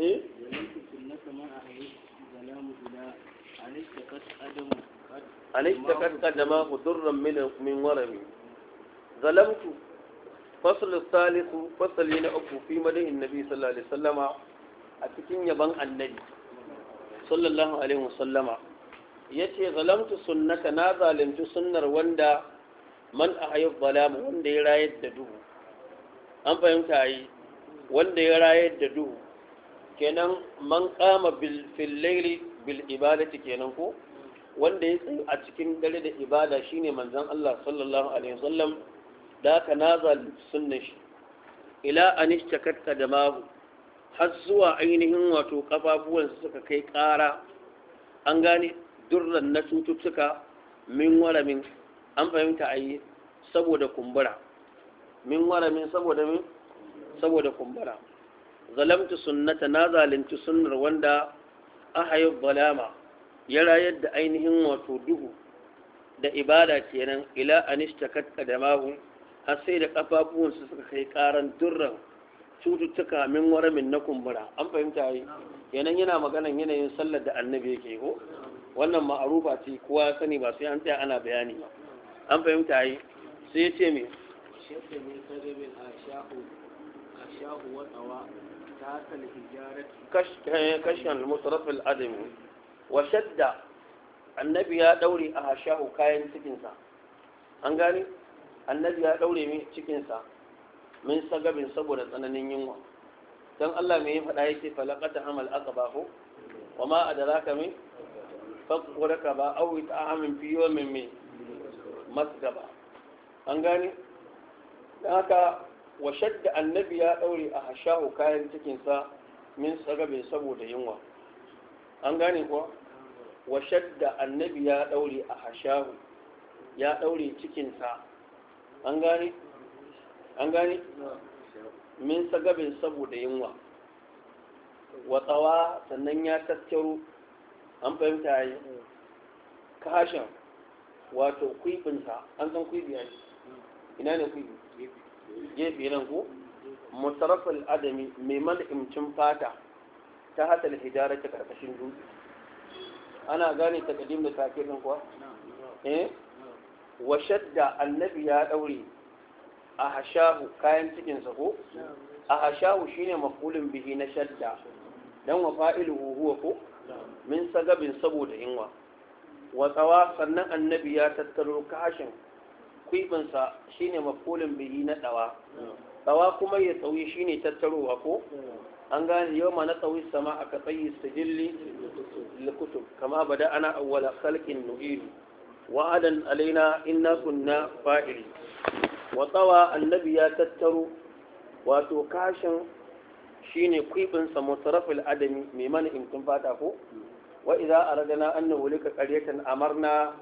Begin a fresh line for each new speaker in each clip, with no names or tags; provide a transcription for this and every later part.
eh alaita kaskadama ku durran min warami zalamtu fasul fasali na uku fi madahin nabi sallallahu a cikin yaban annabi sallallahu alaihi wasallama yace zalamtu sunnaka na zalunci sunnar wanda man ahayyu zalama wanda ya rayar da duhu an fahimta yi wanda ya rayar da duhu kenan man kama bil layli bil ibadati kenan ko wanda ya tsaya a cikin dare da ibada shine manzon Allah sallallahu alaihi wasallam da ka nazal sunna shi ila an ishtakatta har zuwa ainihin wato kafafuwan suka kai kara an gane durran na cututtuka min waramin an fahimta a saboda kumbura min waramin saboda min saboda kumbura zalamtu sunnata na zalunci sunnar wanda yi zalama ya rayar da ainihin wato duhu da ibada kenan ila da mahu har sai da kafafuwansu suka kai karan durran cututtuka min waramin na kumbura an fahimta yi yanan yana maganan yanayin sallar da annabi ya ko wannan ma'arufa ce kowa sani ba sai an tsaya ana bayani ba an fahimta yi sai ya ce mai ne kare bin ashahu wa kashin musrafil adami wa shadda annabi ya daure a hashahu kayan cikinsa an gane annabi ya daure min cikinsa min sagabin saboda tsananin yunwa don Allah mai faɗa yake falakata hamal aka ba ku? wa ma a da za ka min fakuraka ba auwi ta amin fiyo min mai masu gaba an gane don haka wa shadda annabi ya daure a hashahu kayan cikinsa min tsagabe saboda yunwa an gane kuwa wa shadda annabi ya daure a hashahu ya daure cikinsa an gane an gane min tsagabe saboda yunwa wa tsawa sannan ya tattaro an fahimta yi kashin wato kwibinsa an san kwibiyar ina ne kwibi gefe nan ko mutarafal adami mai mal'imcin fata ta hatal hijara ta karkashin dutse ana gane kadim da takir kuwa eh wa shadda annabi ya daure a hashahu kayan cikinsa ko a hashahu shine maf'ulun bihi na shadda dan wa fa'iluhu huwa ko min sagabin saboda inwa wa tsawa sannan annabi ya tattaro kashin kwibinsa shine mafulin bihi na dawa dawa kuma ya tsawi shine tattarowa ko an gane yau ma na tsawi sama a katsayi sijilli likutub kama bada ana awwala khalqin nu'idu wa'adan alaina inna kunna fa'ili wa tsawa annabi ya tattaro wato kashin shine kwibinsa mutarafil adami mai mana in kun fata ko wa idza aradna an nulika qaryatan amarna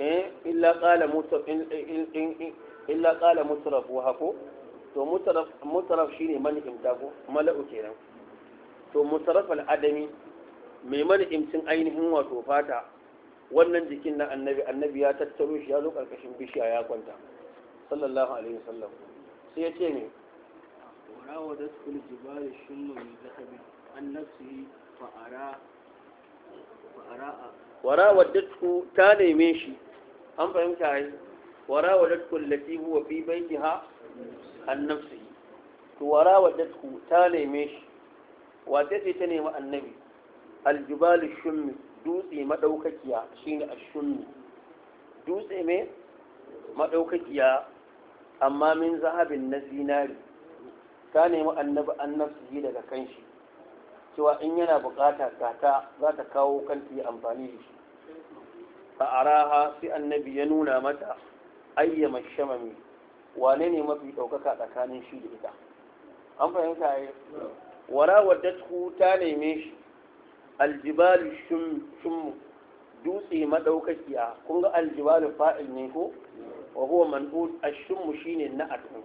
eh illa qala mutraf illa qala mutraf wa hako to mutraf mutraf shine man imta ko mala'u kenan to mutraf al mai man imtin ainihin wato fata wannan jikin na annabi annabi ya tattaro shi ya zo karkashin bishiya ya kwanta sallallahu alaihi wasallam sai ya ce ne وراودته الجبال الشم من ذهب عن نفسه فأرى فأرى وراودته تاني ميشي an fahimta yi wara wa Dadku lati huwa fi baitiha an nafsi to wara wa ta neme shi wata ce ta nemi annabi aljubal shummi dutse madaukakiya shine ashummi dutse me madaukakiya amma min zahabin na zinari ta nemi annabi annabci daga kanshi cewa in yana bukata gata za ta kawo kanta amfani da shi fa'araha sai annabi ya nuna mata ayyama shamami wane ne mafi ɗaukaka tsakanin shi da ita an fahimta ya wara wadda ta neme shi Aljibali shimmu. dutse madaukakiya kun ga Aljibali fa'il ne ko wa huwa shimmu shi ne na atun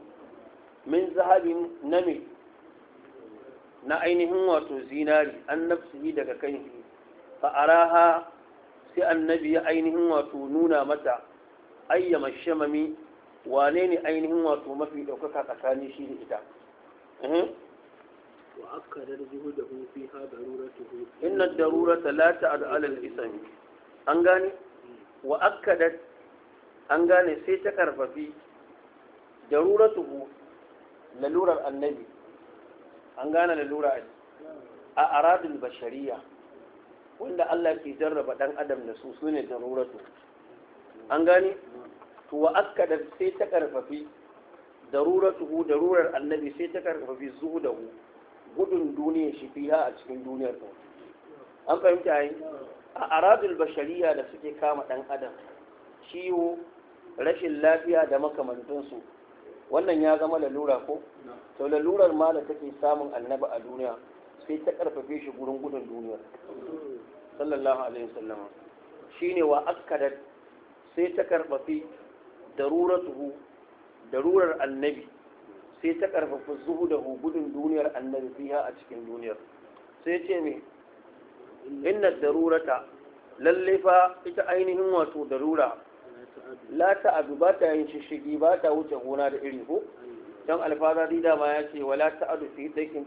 min zahabin nami na ainihin wato zinari an nafsihi daga kai. Fa'araha. sai annabi ya ainihin wato nuna mata ayyama shamami wane ne ainihin wato mafi ɗaukaka tsakanin shi da ita inna darura ta la ta al isami an gane hmm. wa akkada an gane sai ta karfafi daruratuhu lalurar annabi an gane lalura hmm. a aradin bashariya wanda Allah ke jarraba dan adam da su sune daruratu an gani? to wa da sai ta karfafi daruratuhu darurar annabi sai ta karfafi zuhudahu gudun duniyar shi fiha a cikin duniyar ta an fahimta yi a aradul bashariya da suke kama dan adam ciwo rashin lafiya da makamantansu wannan ya zama lalura ko to lalurar ma da take samun annabi a duniya sai ta karfafe shi gurin gudun duniya sallallahu alaihi wasallam shine wa akkadat sai ta karfafi daruratuhu darurar annabi sai ta karfafa zuhudahu gudun duniyar annabi fiha a cikin duniyar sai ce me inna darurata lalle fa ita ainihin wato darura la ta adu ba ta yin shishigi ba ta wuce gona da iri ko don alfaza dida ma ya ce wala ta adu fi dakin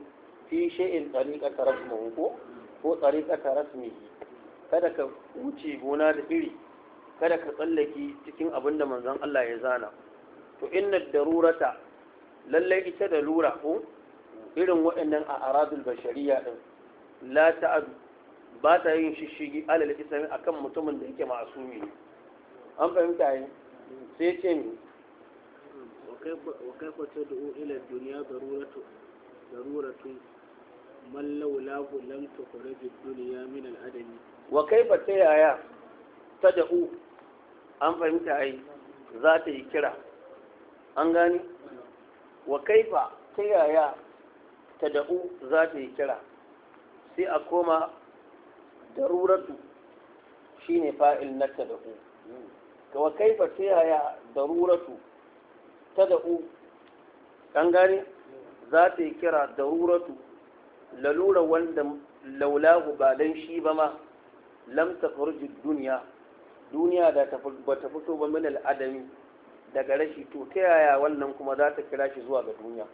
fi shay'in tariqata rasmuhu ko ko tariqata rasmihi kada ka wuce gona da iri kada ka tsallaki cikin abin da manzon Allah ya zana to inna darurata lallai ita da lura ko irin waɗannan a aradul bashariya din la ta'ad ba ta yin shishigi alal islami akan mutumin da yake ma'asumi an fahimta yi sai ce mi wa kai da o ila dunya daruratu daruratu man laulahu lam tukhraj ad-dunya min al-adami wa kaifa ta yaya tad'u an fahimta ai za ta yi kira an gani wa kaifa ta yaya tad'u za ta yi kira sai a koma daruratu ne fa'il na tad'u ka wa kaifa ta yaya daruratu tad'u an gani za ta yi kira daruratu lalura wanda laulahu ba dan shi ba ma lam tafarji duniya duniya da ba ta fito ba min al'adami daga rashi to ta yaya wannan kuma za ta kira shi zuwa ga duniya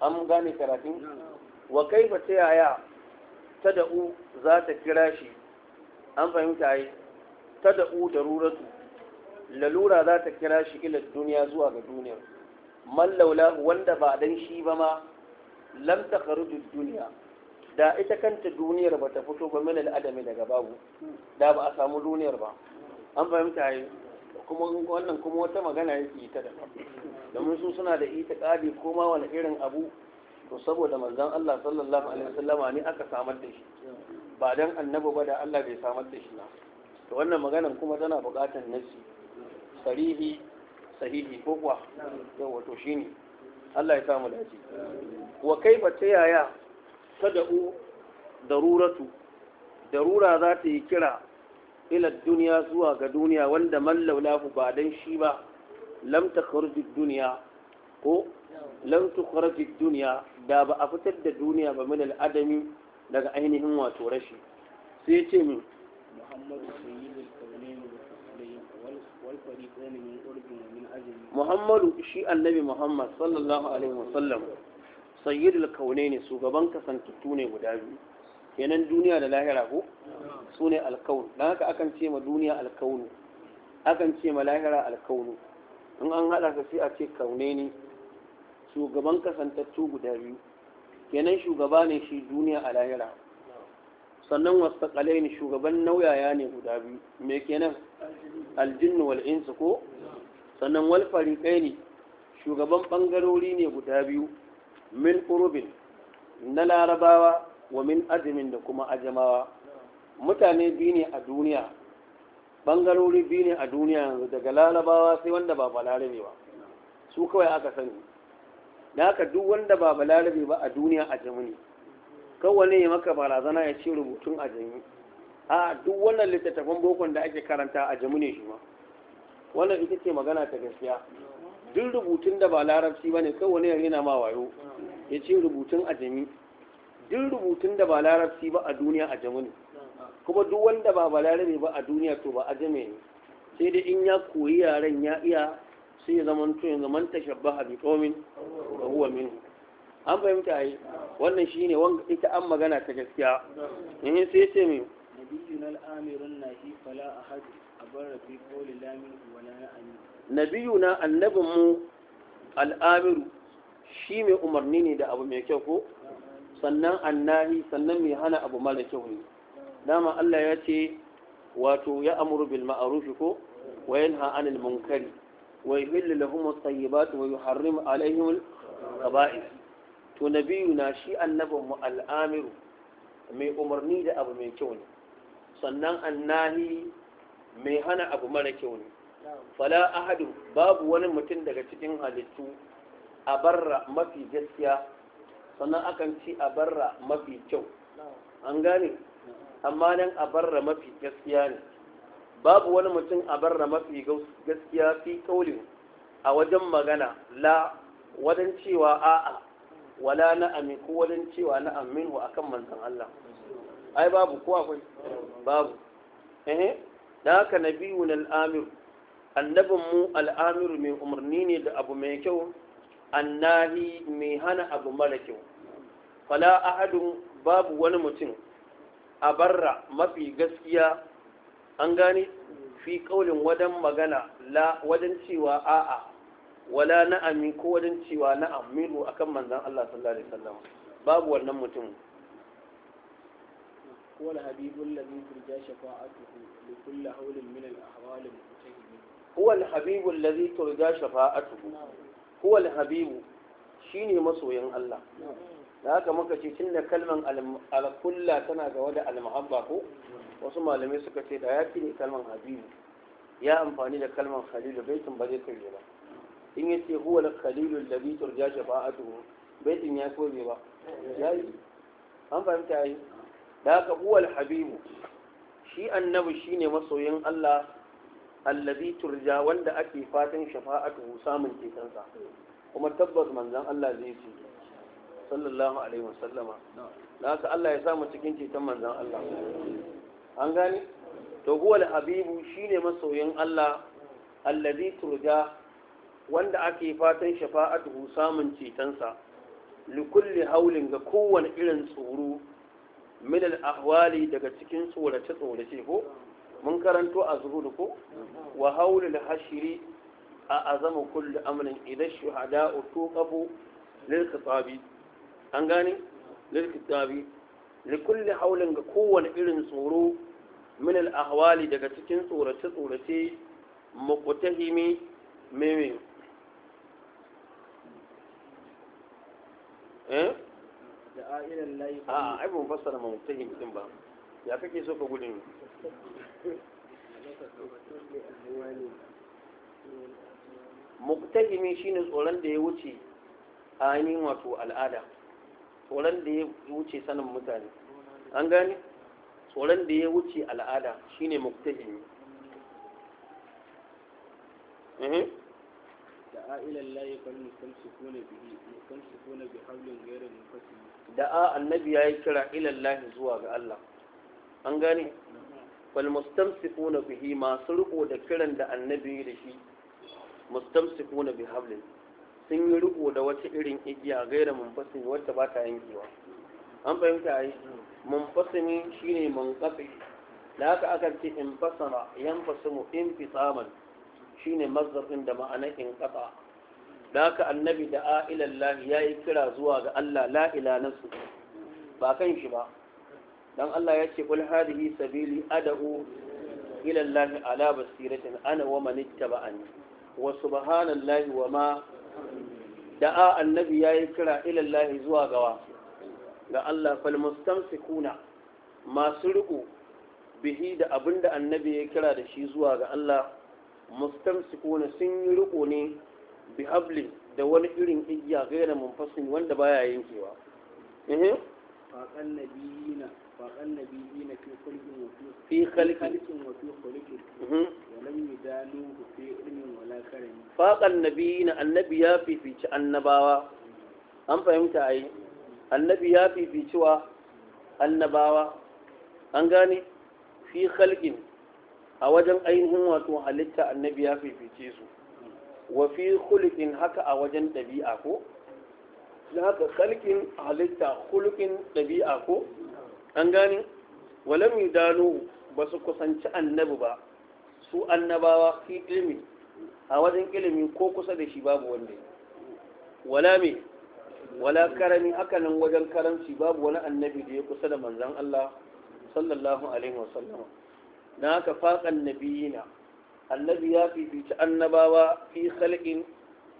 an gane karatun wa kaifa ta yaya ta da'u za ta kira shi an fahimta yi ta da'u da ruratu lalura za ta kira shi ila duniya zuwa ga duniyar man laulahu wanda ba dan shi ba ma lam takharuju duniya da ita kanta duniyar ba ta fito ba min al'adami daga babu da ba a samu duniyar ba an fahimta yi kuma wannan kuma wata magana yake ita da domin su suna da ita kadi ko ma wani irin abu to saboda manzon Allah sallallahu alaihi wasallam ne aka samar da shi ba dan annabi ba da Allah bai samar da shi ba. to wannan maganan kuma tana buƙatar nasi sarihi sahihi ko kuwa yawa to shine Allah ya samu dace wa ta yaya ta da'u daruratu darura za ta yi kira ila duniya zuwa ga duniya wanda mallaulahu ba dan shi ba lam takhruju duniya ko lam tukhruju duniya da ba a fitar da duniya ba min al daga ainihin wato rashi sai ya ce min muhammadu muhammadu shi annabi muhammad sallallahu alaihi wasallam sayyidul kaunaini shugaban kasantattu ne guda biyu kenan duniya da lahira ko su ne alkaun don haka akan ce ma duniya alkaunu akan ce ma lahira alkaunu in an haɗa ka sai a ce kaunaini shugaban kasantattu guda biyu kenan shugaba ne shi duniya a lahira sannan wasu ƙalaini shugaban nauyaya ne guda biyu me kenan aljin wal insu ko sannan wal fariqaini shugaban bangarori ne guda biyu min qurubin na larabawa wa min azumin da kuma ajamawa mutane biyu ne a duniya bangarori biyu ne a duniya yanzu daga larabawa sai wanda ba balarabe ba su kawai aka sani da haka duk wanda ba balarabe ba a duniya a jamuni kowane ya maka barazana ya ce rubutun a jami a duk wannan littattafan bokon da ake karanta a jami ne shi ma wannan ita ce magana ta gaskiya duk rubutun da ba larabci ba ne kowane ya rena ma wayo ya ce rubutun a jami duk rubutun da ba larabci ba a duniya a jami ne kuma duk wanda ba larabci ba a duniya to ba a jami ne sai dai in ya koyi yaren ya iya sai ya zama to yanzu man a bi qaumin huwa an a yi wannan shi ne wanda ita an magana ta gaskiya yin eh, sai ce mai nabiyu na annabin mu al'amiru shi mai umarni ne da abu mai kyau ko sannan annahi sannan mai hana abu mara kyau ne dama Allah ya ce wato ya amuru bil ma'arufi ko wa yanha anil munkari wa yuhillu lahum at-tayyibat wa yuharrimu alaihim al-qaba'ith to nabiyu na shi annabin mu al'amiru mai umarni da abu mai kyau ne sannan annahi mai hana abu mara kyau ne fala ahadu babu wani mutum daga cikin halittu a barra mafi gaskiya sannan akan ci a barra mafi kyau an gane amma nan a barra mafi gaskiya ne babu wani mutum a barra mafi gaskiya fi kaulin a wajen magana la wajen cewa a'a wala na amin ko wajen cewa na amin wa akan manzan Allah ai babu ko akwai babu eh da haka nabiyun al-amir annabin mu al-amir mai umarni ne da abu mai kyau annahi mai hana abu mara kyau fala ahadun babu wani mutum a barra mafi gaskiya an gane fi kaulin wajen magana la wajen cewa a'a wala na'ami ko wajen cewa na'am minhu akan manzon Allah sallallahu alaihi wasallam babu wannan mutum هو الحبيب الذي ترجى
شفاعته
لكل هول من الأحوال المتهمين هو الحبيب الذي ترجى شفاعته هو الحبيب شيني masoyan Allah. da haka muka ce tun da al-kulla tana gaba da almahabba ko wasu malamai suka ce da ya fi ne kalman habibu ya amfani da kalman khalilu baitin ba zai kai ba in ya ce huwa khalilul ladhi turja shafa'atuhu baitin ya so ba Ya yayi an fahimta yi da haka huwa habibu shi annabi shine masoyin Allah alladhi turja wanda ake fatan shafa'atuhu samun cetonsa kuma tabbas manzon Allah zai ci sallallahu alaihi wasallama da haka Allah ya samu cikin ceton manzon Allah an gane to huwa habibu shine masoyin Allah alladhi turja wanda ake fatan shafa'atuhu samun cetonsa likulli haulin ga kowane irin tsoro min al-ahwali daga cikin tsorace tsorace ko mun karanto a zuhud ko wa haulul hashri a azama kulli amrin idan shuhada'u tuqafu lil khitabi an gane lil khitabi likulli haulin ga kowane irin tsoro min al-ahwali daga cikin tsorace tsorace mukutahimi mai eh shi ne a fassara ma mutahim din ba ya kake so ka gudun muktahimi shine tsoron da ya wuce ainihin wato al'ada tsoron da ya wuce sanin mutane an gane tsoron da ya wuce al'ada shine muktahimi mhm. da'a ila Allah fal mustamsikuna bihi mustamsikuna bi hablin ghayri munfasil da'a annabi yayi kira ila Allah zuwa ga Allah an gane fal mustamsikuna bihi masu riko da kiran da annabi da shi mustamsikuna bi hablin sun yi riko da wata irin igiya gaira munfasil wacce ba ta yankewa an fahimta ai munfasimi shine munqati da haka aka ce in fasama yanfasimu in fitaman shine mazzafin da ma'anar in kafa da haka annabi da a'ilallah ya yi kira zuwa ga Allah la'ila nasu ba kan shi ba don Allah ya ce ƙul hadihi sabili ad'u ilallahi ala basiratin ana wa man ittaba'ani wa subhanallahi wa ma da'a annabi ya yi kira ilallahi zuwa gawa ga Allah fal mustamsikuna masu riƙo bihi da da annabi ya kira da shi zuwa ga Allah mustamsikuna sun yi riko ne bi hablin da wani irin igiya gaira munfasin wanda baya yankewa eh faqan nabiyina faqan nabiyina fi kulli fi khalqin wa fi khuluqin wa lam yudanuhu fi ilmin wala karim faqan nabiyina annabi ya fifici annabawa an fahimta ai annabi ya fi wa annabawa an gane fi khalqin a wajen ainihin wato halitta annabi ya fifice su wa fi khuluqin haka a wajen dabi'a ko da haka kalkin halitta khuluqin dabi'a ko an gane walam yudalu ba su kusanci annabi ba su annabawa fi ilmi a wajen ilimi ko kusa da shi babu wanda wala me wala karami hakanan wajen karamci babu wani annabi da ya kusa da manzon Allah sallallahu alaihi wasallam na haka faƙan nabiyina annabi ya fifici annabawa fi khalqin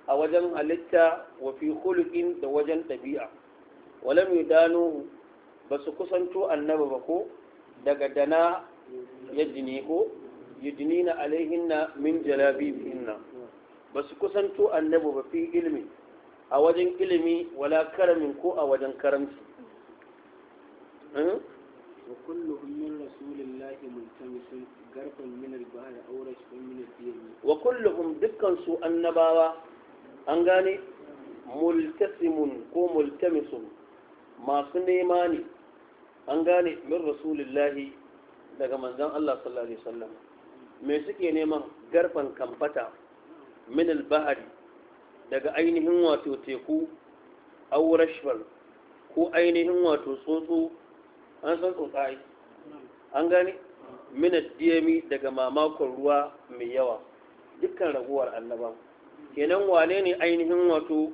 a wajen halitta wa fi khuluqin da wajen ɗabi'a walam yudanu ba su kusanto annabi ba ko daga dana yajini ko yudnina alaihinna min jalabibihinna ba su kusanto annabi ba fi ilimi a wajen ilimi wala karamin ko a wajen karamci hmm? وكلهم من رسول الله ملتمس غرفا من البحر أو رشفا من الدين وكلهم دكا سوء النباوة أنغاني ملتسم كو ملتمس ما سنيماني من رسول الله daga manzon Allah sallallahu alaihi wasallam me suke neman garfan kamfata min al-bahri daga ainihin wato teku aw rashfal ko ainihin wato tsotso an san tsuntsaye an gani minat diyami daga mamakon ruwa mai yawa dukkan raguwar annaba kenan wane ne ainihin wato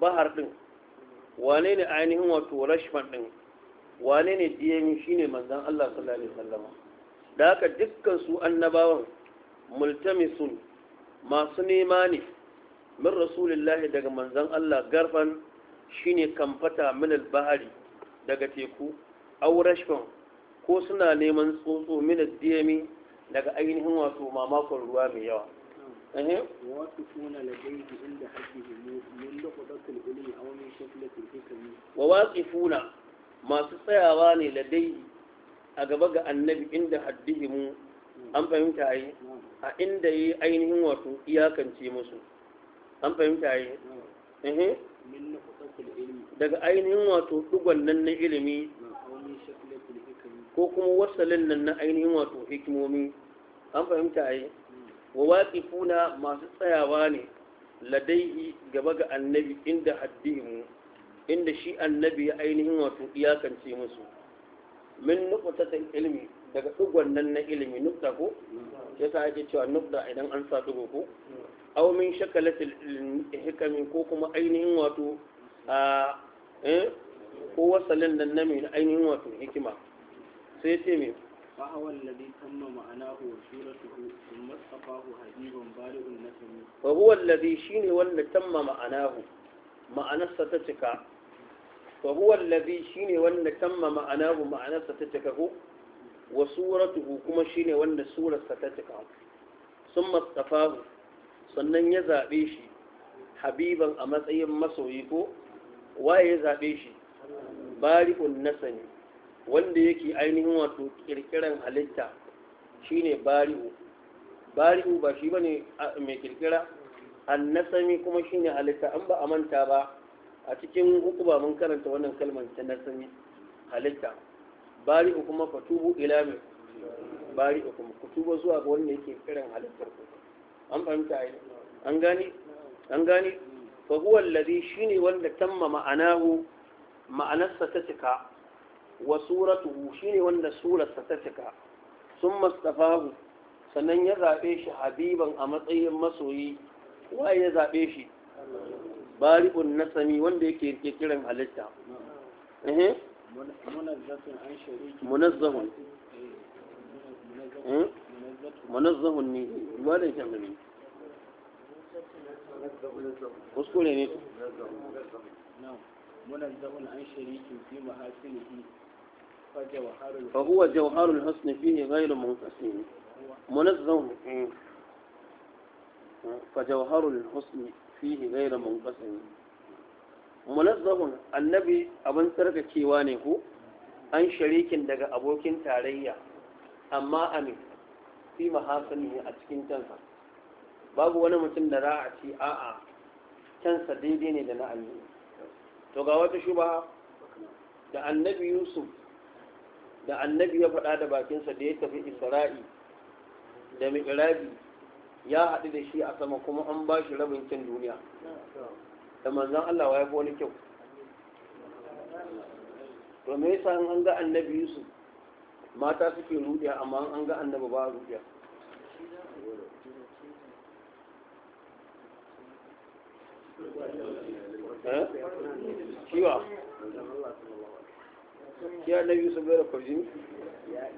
bahar din wane ne ainihin wato rashman din wane ne diyami shine Manzan Allah sallallahu alaihi wasallama da haka dukkan su annabawan multamisun masu nema ne min rasulillahi daga Manzan Allah garfan shine kamfata min al-bahari daga teku aw rashfan ko suna neman tsotso min diyami daga ainihin wato mamakon ruwa mai yawa wa waƙifuna masu tsayawa ne ladai a gaba ga annabi inda haddihimu an fahimta yi a inda yi ainihin wato iyakance musu an fahimta yi daga ainihin wato dugon nan na ilimi ko kuma wasalin nan na ainihin wato hikimomi an fahimta a yi wa funa masu tsayawa ne ladai gaba ga annabi inda haddihimu inda shi annabi ya ainihin wato iyakance musu min nuqtatin ilimi daga dugon nan na ilimi nukta ko ya sa ake cewa nukta idan an sa dugo ko au min shakalatil hikami ko kuma ainihin wato a eh ko wasalin nan na mai ainihin wato hikima sai ce mai fa huwa alladhi shine wanda tamma ma'anahu ma'anarsa ta cika fa huwa shine wanda tamma ma'anahu ma'anarsa ta cika ko wa suratuhu kuma shine wanda surarsa ta cika sun mastafahu sannan ya zaɓe shi habiban a matsayin masoyi ko waye ya zaɓe shi bari'un nasani wanda yake ainihin wato kirkiran halitta shine bari'u bari'u ba shi bane mai kirkira annasami kuma shine halitta an ba a manta ba a cikin hukuba mun karanta wannan kalmar ta nasami halitta bari'u kuma fatubu ila mai bari'u kuma kutuba zuwa ga wanda yake kiran halittar ku an fahimta ai an gani an gani fa huwa alladhi shine wanda tamma ma'anahu ma'anarsa ta cika wa suratuhu shine wanda surarsa ta cika sun mastafahu sannan ya zaɓe shi habiban a matsayin masoyi waye ya zaɓe shi na nasami wanda yake kiran halitta eh?
munazzahun munazzahun ne wadda shamari
kuskure ne منزه عن شريك في محاسنه فهو جوهر الحسن فيه غير منقسم منزه فجوهر الحسن فيه غير منقسم annabi abin tsarkakewa ne ko an sharikin daga abokin tarayya amma amin fi mahasani a cikin kansa babu wani mutum da za a a'a kyansa daidai ne da na amini to ga wata shubaha da annabi yusuf da annabi ya faɗa da bakinsa da ya tafi isra'i da mi'rabi ya haɗu da shi a sama kuma an ba shi rabin kyan duniya da manzan Allah wa ya fi wani kyau to me yasa an ga annabi yusuf mata suke rudiya amma an ga annabi ba rudiya
Thank you. Eh? kiwa ya
na yusuf bai da kwajin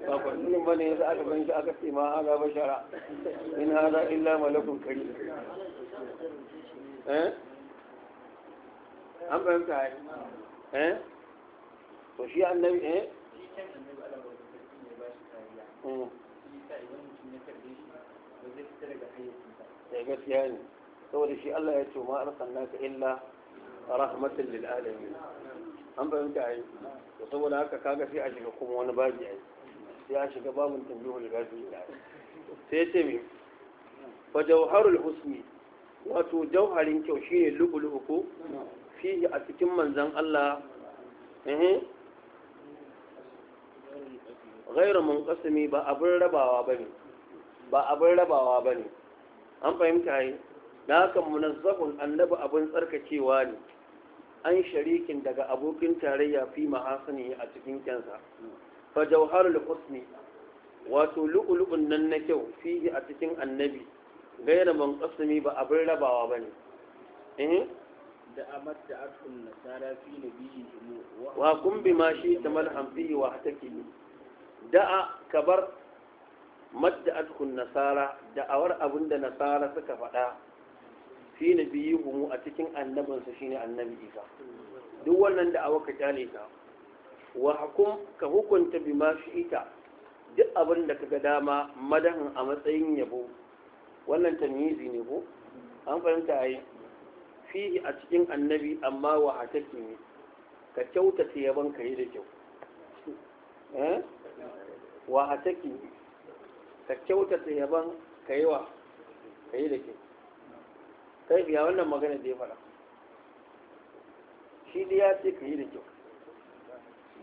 ba kwajin ba ne yasa aka ban shi aka ce ma haga bashara in haza illa malakun kari eh? an fahimta ya eh to shi annabi eh da hmm. eh, gaskiya ne saboda shi Allah ya ce ma arsalnaka illa rahmatin lil alamin an fahimta ayi to saboda haka kaga sai a shiga kuma wani babi ai sai a shiga babin tambihul gafi sai ce me fa jawharul husni wato jauharin kyau shine lubulubu ko fihi a cikin manzan Allah eh ghairu munqasimi ba abin rabawa bane ba abin rabawa bane an fahimta ai da haka munazzafun annabi abin tsarkakewa ne an sharikin daga abokin tarayya fi mahasani a cikin kyansa fa jawharul husni wato lu'ulu'un nan na kyau fihi a cikin annabi gaira man qasmi ba abin rabawa bane eh da amatta da nasara fi nabiyyi wa kun bi ma shi tamal hamfihi wa hataki da'a kabar madda atun nasara da'awar abinda nasara suka faɗa fi mu a cikin annabinsa shine annabi Isa duk wannan da awaka kyale ta wa hukum ka hukunta bi ma ita duk abin da kaga dama madahin a matsayin yabo wannan tamyizi ne ko an fahimta ai fihi a cikin annabi amma wa hataki ne ka ta yaban ka yi da kyau eh wa hataki ka kyautata yaban ka yi wa ka yi da kyau kai biya wannan magana da ya faɗa shi dai ya ce ka yi da kyau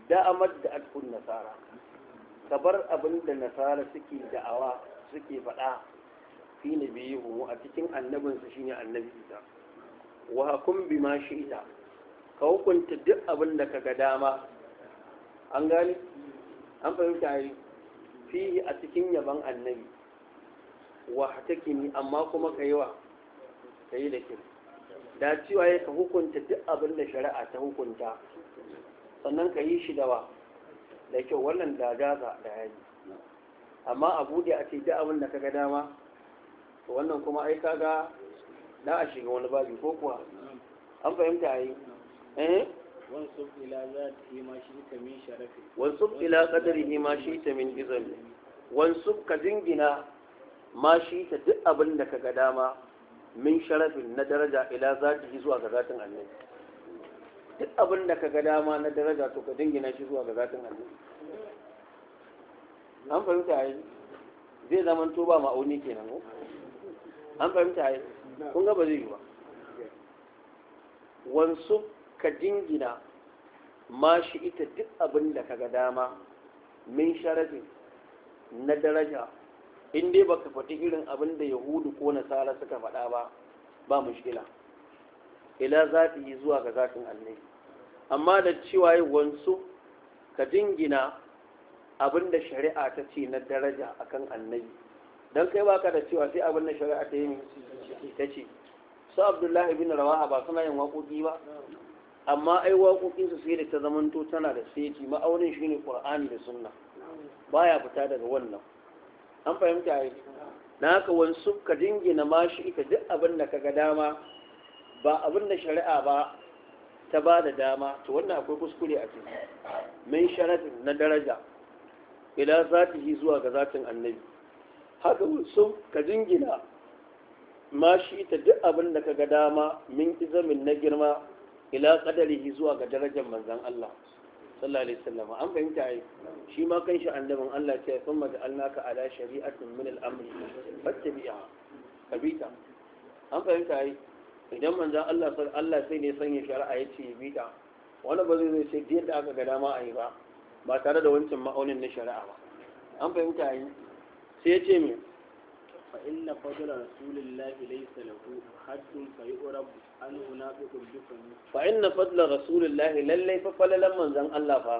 da'amar da al'ul nasara ka bar abin da nasara suke da'awa suke faɗa fi na biyu a cikin annabinsu shine annabi isa wa hakun bi ma shi ita ka hukunta duk abin da ka ga dama an gani an fahimta yi fi a cikin yaban annabi wa ni amma kuma ka yi wa ka yi da kin da cewa ya ka hukunta duk abin da shari'a ta hukunta sannan ka yi shi da wa da kyau wannan da gaza da yayi amma a bude a ce duk abin da ka ga dama to wannan kuma ai kaga na a shiga wani babi ko kuwa an fahimta a yi eh wansub ila zati ma shi ta min sharafi wansub ila qadarihi ma shi ta min izami wansub ka jingina ma shi ta duk abin da kaga dama min sharafin na daraja ila yi zuwa ga zatin annabi duk abin da ka ga dama na daraja to ka dingina shi zuwa ga zatin annabi an fahimta yi zai zama to ba ma'auni kenan ko an fahimta yi kun ga ba zai yi ba wansu ka dingina ma shi ita duk abin da ka ga dama min sharafin na daraja in dai baka faɗi irin abin da yahudu ko nasara suka faɗa ba ba mushkila ila yi zuwa ga zakin annabi amma da cewa yi wansu ka jingina abin da shari'a ta ce na daraja akan annabi don kai baka da cewa sai abin da shari'a ta yi ta ce su abdullahi bin rawaha ba suna yin waƙoƙi ba amma ai waƙoƙinsu sai da ta zamanto tana da seti ma'aunin shine qur'ani da sunna baya fita daga wannan an fahimta yi na haka wani ka dingina ma shi ita duk abin da kaga dama ba abin da shari'a ba ta ba da dama to wannan akwai kuskure a cikin min sharadin na daraja ila zatihi zuwa ga zatin annabi haka wansu ka dingina ma shi ita duk abin da kaga dama min izamin na girma ila kadarihi zuwa ga darajar manzon Allah sallallahu alaihi wasallam an fahimta ai shi ma kanshi annabin Allah ce sun ala shari'atin min al-amri fattabi'a kabita an fahimta ai idan Allah Allah sai ne sanya shari'a ya ce bita wani ba zai aka ga dama a ba ba tare da wancan ma'aunin na shari'a ba an fahimta ai sai ya ce فإن فضل رسول الله ليس له حد فيعرب عنه ناطق بفمه فإن فضل رسول الله للي ففلل من زن الله فا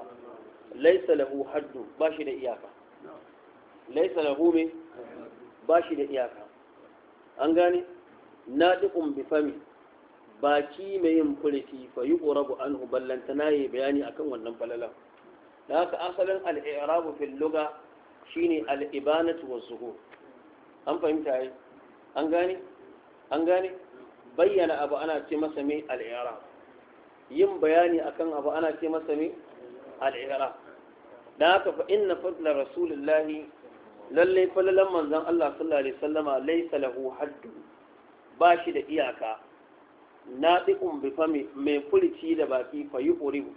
ليس له حد باشي دا إياكا ليس له مي باشي دا إياكا أنغاني ناطق بفمه baki mai yin furici fa yi ƙorabu an huballantana ya bayani akan wannan falalan da haka asalin al'irabu fil luga shine al'ibanatu wa zuhur an fahimta ai an gane an gane bayyana abu ana ce masa me al'ira yin bayani akan abu ana ce masa me al'ira dan haka fa inna fadla rasulillahi lalle falalan manzon Allah sallallahu alaihi wasallama laysa lahu hadd ba shi da iyaka Na nadiqun bi fami mai furici da baki fa yuqribu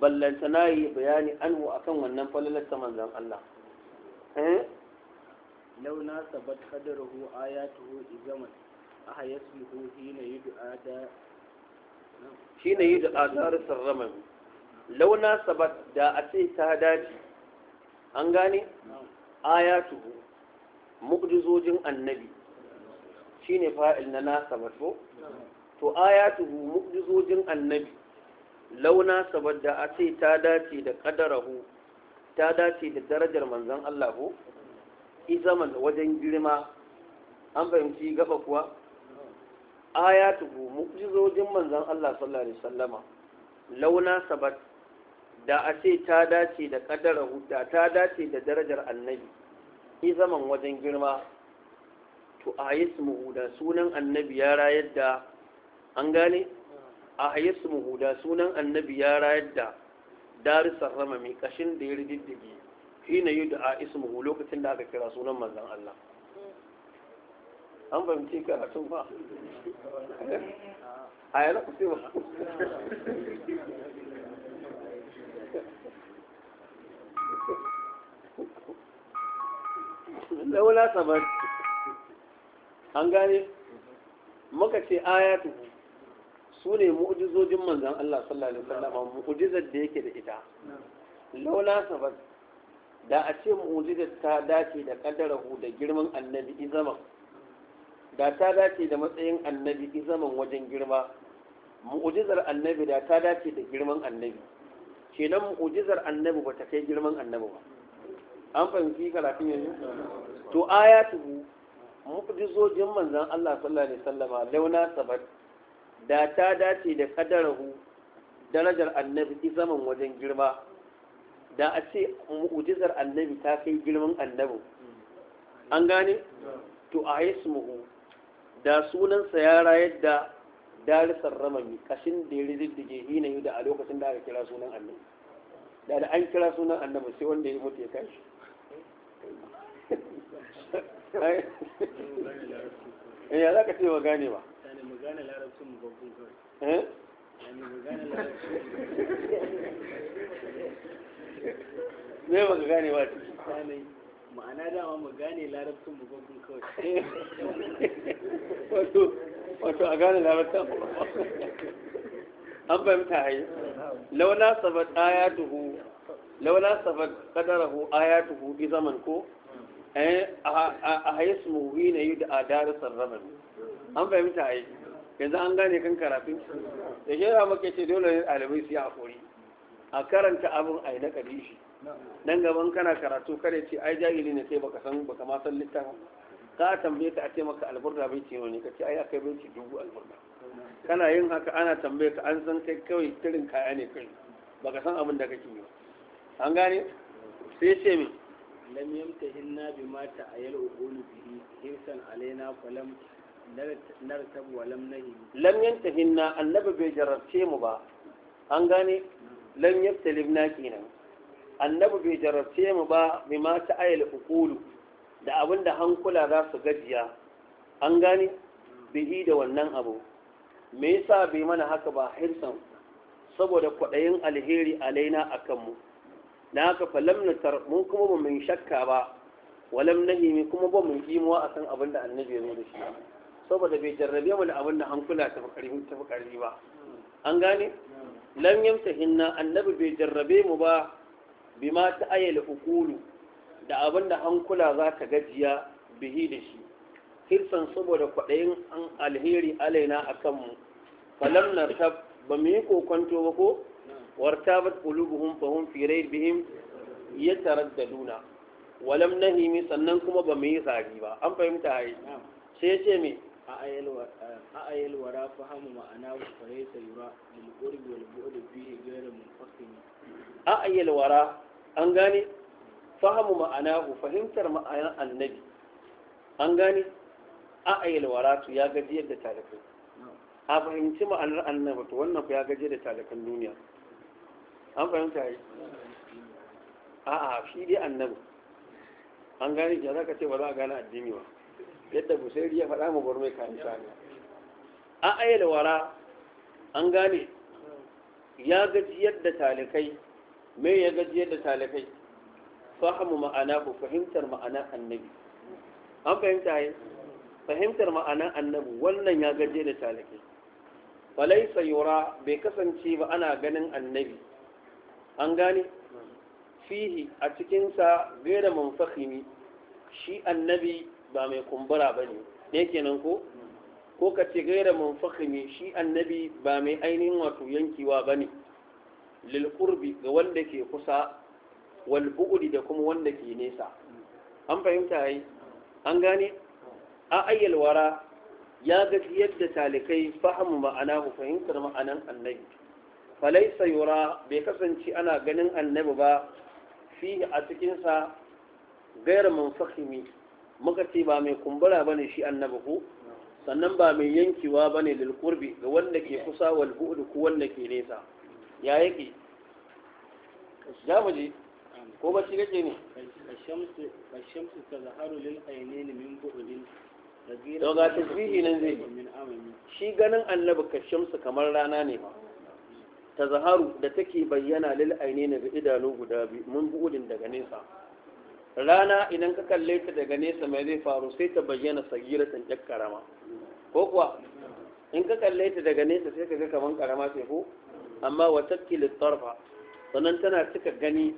ballanta nayi bayani anhu akan wannan falalar ta manzon Allah eh لو ناسبت قدره آياته إجمل أها يسمه حين يدعى دا حين يدعى دار الرمم لو ناسبت دا أتي تاداتي an gane ayatu mu'jizojin annabi shine fa'il na nasabato to ayatu mu'jizojin annabi launa sabar da a ce ta dace da kadarahu ta dace da darajar manzon Allah ko izaman wajen girma an fahimci gaba kuwa ayatuhu mu'jizojin manzan Allah sallallahu alaihi wasallama launa sabat da a ce ta dace da kadara huda ta dace da darajar annabi izaman wajen girma to ayyismuhu da sunan annabi ya rayar da an gane ayyismuhu da sunan annabi ya rayar da darussan rama mai kashin da ya rididdige hina yud'a ismuhu lokacin da aka kira sunan manzon Allah an fahimci karatun ba a yana ku sai ba laula sabar an gane muka ce ayatu su ne mu'ujizojin manzan Allah sallallahu alaihi wasallam mu'ujizar da yake da ita launa sabar da a ce mu'ujizar ta dace da kaddarahu da girman annabi izaman da ta dace da matsayin annabi izaman wajen girma mu'ujizar annabi da ta dace da girman annabi kenan mu'ujizar annabi ba ta kai girman annabi ba an fahimci karatun yanzu to ayatuhu mu'jizojin Manzan Allah sallallahu alaihi wasallama launa sabat da ta dace da kadarahu darajar annabi izaman wajen girma da a ce mu'ujizar annabi ta kai girman annabin an gane to a haismuhu da sunansa ya rayar da darisar ramami kashin da ya riziddige hina yi da a lokacin da aka kira sunan annabi da da an kira sunan annabi sai wanda ya mutu ya kai ya za ka ce wa gane ba zai baka gane ba ciki ma'ana dama mu gane larabtun mu kawai wato a gane larabcin an fahimta a yi laula sabat ayatuhu laula sabat kadarahu tuhu bi zaman ko eh, a su mu na yi da a adar rabar an fahimta a yi yanzu an gane kan karafin da shi ya maka ce dole ne ɗalibai su yi a kori a karanta abin a yi na kadi shi don gaban kana karatu kare ce ai jahili ne sai baka san baka masan san littafin ka tambaye ka a ce maka alburda bai ce ne ce ai akai bai ce dubu alburda kana yin haka ana tambaye ka an san kai kawai tirin kaya ne kai baka san abin da kake yi an gane sai ce min lam yamtahinna bima ta'ayyal uqulu bihi hirsan alaina falam nartab walam nahi lam yantahinna annabi bai jarabce mu ba an gane lam yabtalibna kenan annabi bai jarabce mu ba bima ta ayal uqulu da abinda hankula za su gajiya an gane bihi da wannan abu me yasa bai mana haka ba hirsan saboda kwaɗayin alheri alaina a kanmu na haka falam na mun kuma ba mun shakka ba walam nahimi kuma ba mun kimuwa akan abin da annabi ya zo da shi saboda bai jarrabe mu da abin da hankula ta fi ƙarfi ta fi ƙarfi ba an gane lam yamtahinna annabi bai jarrabe mu ba bima ta ukulu da abinda hankula za ta gajiya bihi da shi hirsan saboda kwaɗayin an alheri alaina a kanmu falam na ba mu yi kokonto ba ko warta ba ƙulubuhun fahun firai bihim ya tarar da duna walam na himi sannan kuma ba mu yi tsari ba an fahimta a yi sai ce mai. a ayyalwara fahimu ma'ana kwaye ta yura lulgurbiyar buɗe biyu gare mun fahimi a ayyalwara an gane fahimu ma'ana ku fahimtar ma'ayan annabi an gane a ayyalwara su ya gaji yadda talakai a fahimci ma'anar annabi to wannan ku ya gaji yadda talakan duniya an fahimta yi a a fi dai annabi an gane ya za ka ce ba za a gane addini ba yadda busairi ya faɗa mu gurme mai kayan sani a ayyana wara an gane ya gajiyar da talikai me ya gajiyar da talikai fahimu ma'ana ku fahimtar ma'ana annabi an fahimta yi fahimtar ma'ana annabi wannan ya gaje da talikai falaisa yura bai kasance ba ana ganin annabi an gane hmm. fihi a cikinsa gaira fahimi shi annabi ba mai kumbura ba ne Ne kenan ko ko ka ce gaira fahimi shi annabi ba mai ainihin wato yankewa ba ne lilkurbi ga wanda ke kusa walbu'udi da kuma wanda ke nesa an fahimta yi an gane a ayyalwara ya gaji yadda talikai fahimu ma'ana ku fahimtar ma'anan annabi falaisa yura bai kasance ana ganin annabi ba fi a cikinsa gaira fahimi muka ba mai kumbura bane shi annabi ko sannan ba mai yankewa bane lil qurbi ga wanda ke kusa wal bu'd ko wanda ke nesa ya yake ya muje ko ba shi kake ne ashamsu ashamsu tazharu lil aynaini min bu'din to ga tasbihi nan zai shi ganin annabi kashamsu kamar rana ne ba ta zaharu da take bayyana lil aine ga idanu guda biyu mun bu'udin daga nesa rana idan ka kalle ta daga nesa mai zai faru sai ta bayyana ta ƴar karama ko kuwa in ka kalle ta daga nesa sai ka ga kaman karama sai ko amma wa takkil tarfa sannan tana cika gani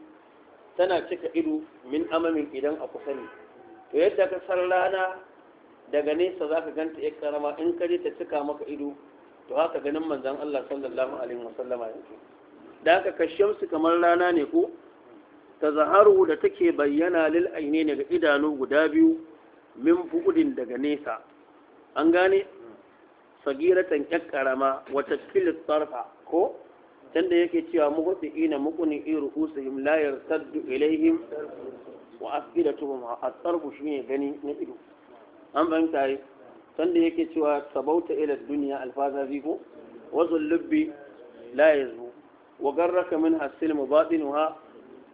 tana cika ido min amamin idan a kusa ne to yadda ka san rana daga nesa za ka ganta ƴar karama in ka je ta cika maka ido to haka ganin manzon Allah sallallahu alaihi wasallama yake da haka kashyamsu kamar rana ne ko ta zaharu da take bayyana lil daga idanu guda biyu min buɗin daga nesa an gane sagiratan ƴan ƙarama wata kilit tsarfa ko tanda yake cewa muhurti ina mukuni iru usihim la yartaddu ilaihim wa afidatuhum at-tarfu shine gani na ido an fahimta yi tanda yake cewa sabauta ila dunya alfaza biko wa zulubbi la yazbu wa garraka minha silmu batinuha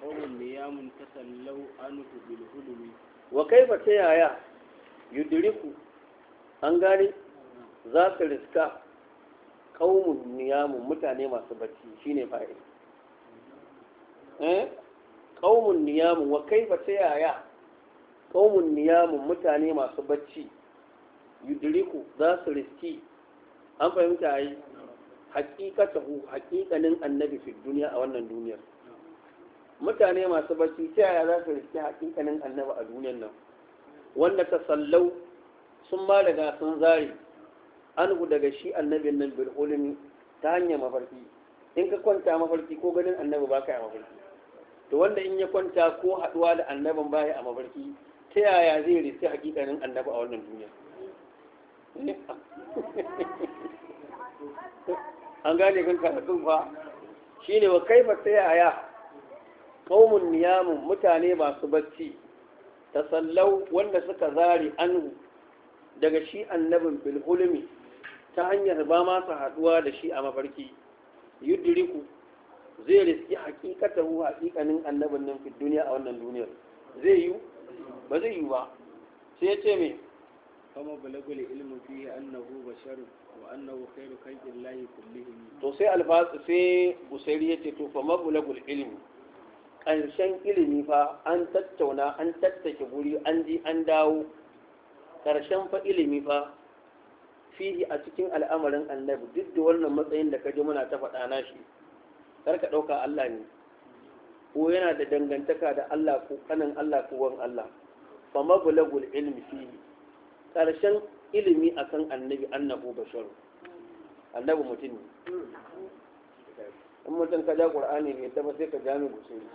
qawmun niyamun tasallau anhu bil hulumi wa kaifa ta yaya yudriku an gane za ka riska qawmun niyamun mutane masu bacci shine fa'i eh qawmun niyamun wa kaifa ta qawmun niyamun mutane masu bacci yudriku za su riski an fahimta yi hakikatahu hakikanin annabi fi duniya a wannan duniyar mutane masu bacci ta yaya za su riske hakikanin annaba a duniyar nan wanda ta sallau sun ba daga sun zari an daga shi annabin nan bil ta hanyar mafarki in ka kwanta mafarki ko ganin annabi ba ka yi mafarki to wanda in ya kwanta ko haɗuwa da annabin ba ya a mafarki ta yaya zai riske hakikanin annaba a wannan duniya an gane kan karatun fa shine wa kaifa ta yaya qaumun niyamun mutane masu bacci sallau wanda suka zari anhu daga shi annabin bil hulmi ta hanyar ba ma su haduwa da shi a mafarki yudriku zai riski hakikatahu hakikanin annabin nan fi duniya a wannan duniyar zai yi ba zai yi ba sai ya ce mai kama balagul ilmu fihi annahu sharu wa annahu khairu khalqi llahi kullihim to sai alfas sai ya ce to fa balagwale ilmi ƙarshen ilimi fa an tattauna an tattake guri an ji an dawo ƙarshen fa ilimi fa fihi a cikin al'amarin annabi duk da wannan matsayin da ka ji muna ta faɗa na shi kar ka ɗauka Allah ne ko yana da dangantaka da Allah ko kanin Allah ko wan Allah fa mablagul ilmi fihi ƙarshen ilimi akan annabi annabu bashar annabi mutum
ne
in mutum ka ja ƙur'ani ne ta ba sai ka ja mai gusuri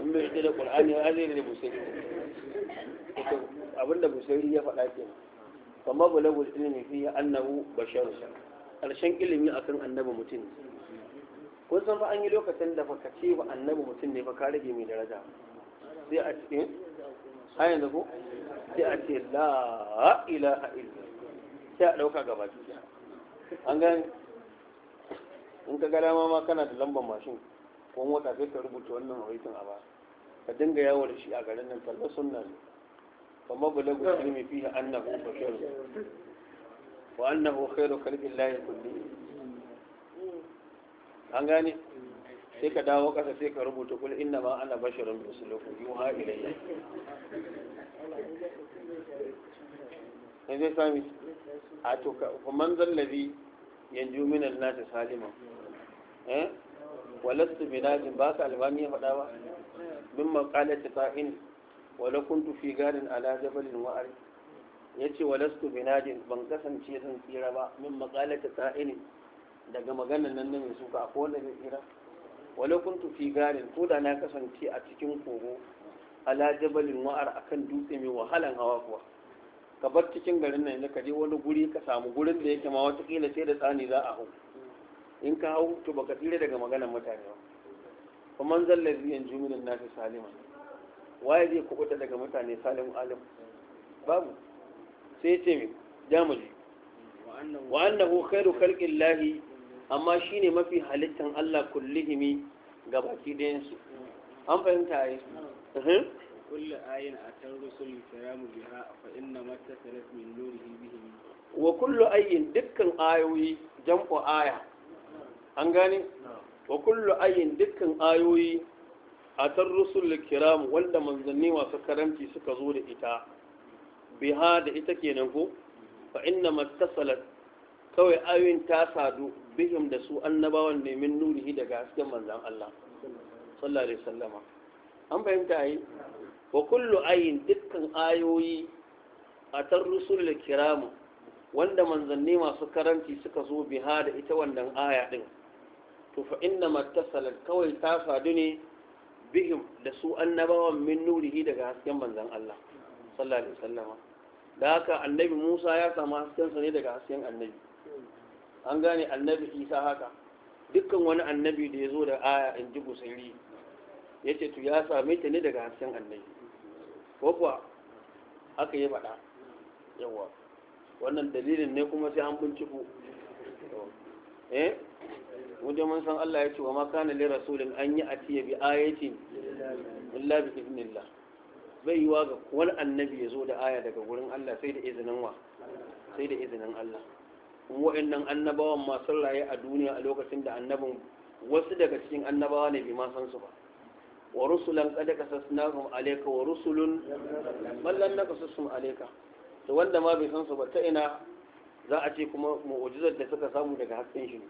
in bai yadda da qur'ani ba zai da busairi abinda busairi ya faɗa ke amma bulagul ilmi fi annabu Bashar. karshen ilimi akan annabi mutum kun san fa an yi lokacin da baka ce wa annabi mutum ne fa ka rage mai daraja sai a ce eh? a yanzu ko sai a ce la ilaha illa sai a dauka gaba an gane in ka ga dama ma kana da lambar mashin ko mota sai ka rubuta wannan rahoton a ba ka dinga yawo da shi a garin nan talba sunna ne fa mablagu ilmi fihi annahu bashar wa annahu khairu khalqillahi kulli an gane sai ka dawo kasa sai ka rubuta kul inna ma ana basharun mislukum yuha ilayya sai zai sami a to ka man zallazi yanju minan nasi salima eh walastu binajin ba ka almami ya faɗa ba min maƙalati ta'in wala kuntu fi garin ala jabalin wa'ari yace walastu binajin ban kasance zan tsira ba min ta ta'in daga maganar nan ne suka akwai wanda zai tsira wala kuntu fi garin ko da na kasance a cikin kogo ala jabalin wa'ar akan dutse mai wahalan hawa kuwa ka bar cikin garin nan ka je wani guri ka samu gurin da yake ma watakila sai da tsani za a hau in ka hau to baka tsira daga maganar mutane ba kuma man zalla biyan juminin nasu salima waye zai kubuta daga mutane salim alim babu sai ce mai jamuji wa annahu khairu khalqin lahi amma shine mafi halittan Allah kullihimi ga baki dayan su an fahimta ai kullu ayin atar rusul kiramu biha fa inna mattasalat min nurihi bihi wa kullu ayin dukkan ayoyi jam'u aya an gane wa kullu ayin dukkan ayoyi a tarrusul kiram wanda manzanni masu karanti suka zo da ita biha da ita kenan ko fa inna mattasalat kawai ayoyin ta sadu bihim da su annabawan ne min nurihi daga hasken manzan Allah
sallallahu
alaihi wasallama an fahimta ai wa kullu ayin dukkan ayoyi a tarrusul kiram wanda manzanni masu karanci suka zo biha da ita wannan aya din to fa inna mattasalat kawai ta sadu ne bihim da su annabawan min nurihi daga hasken manzon Allah sallallahu alaihi wasallama da haka annabi Musa ya samu hasken sa ne daga hasken annabi an gane annabi Isa haka dukkan wani annabi da ya zo da aya in ji gusairi yace to ya same ta ne daga hasken annabi ko kuwa aka yi faɗa yawa wannan dalilin ne kuma sai an binciko eh wajen mun san Allah ya ce wa ma kana li rasulin an yi atiya bi ayati illa bi idnillah bai yiwa ga wani annabi ya zo da aya daga gurin Allah sai da izinin wa sai da izinin Allah wa'annan annabawan ma sun raye a duniya a lokacin da annabin wasu daga cikin annabawa ne bi ma san su ba wa rusulan qad qasasnahum alayka wa rusulun man lam alayka to wanda ma bai san su ba ta ina za a ce kuma mu'ujizar da suka samu daga hasken shi ne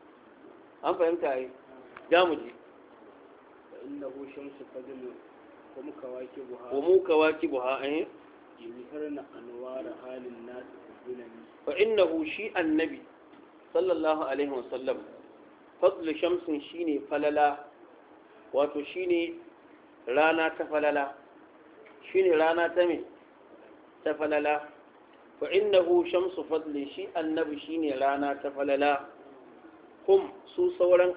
an fahimta ai za mu ji innahu shamsu fadlu wa mukawaki buha wa mukawaki buha ai eh? yuzharna anwar halin nas dunani fa innahu shi annabi sallallahu alaihi wa sallam fadlu shamsin shine falala wato shine rana ta falala shine rana ta me ta falala fa innahu shamsu fadli shi annabi shine rana ta falala hum su sauran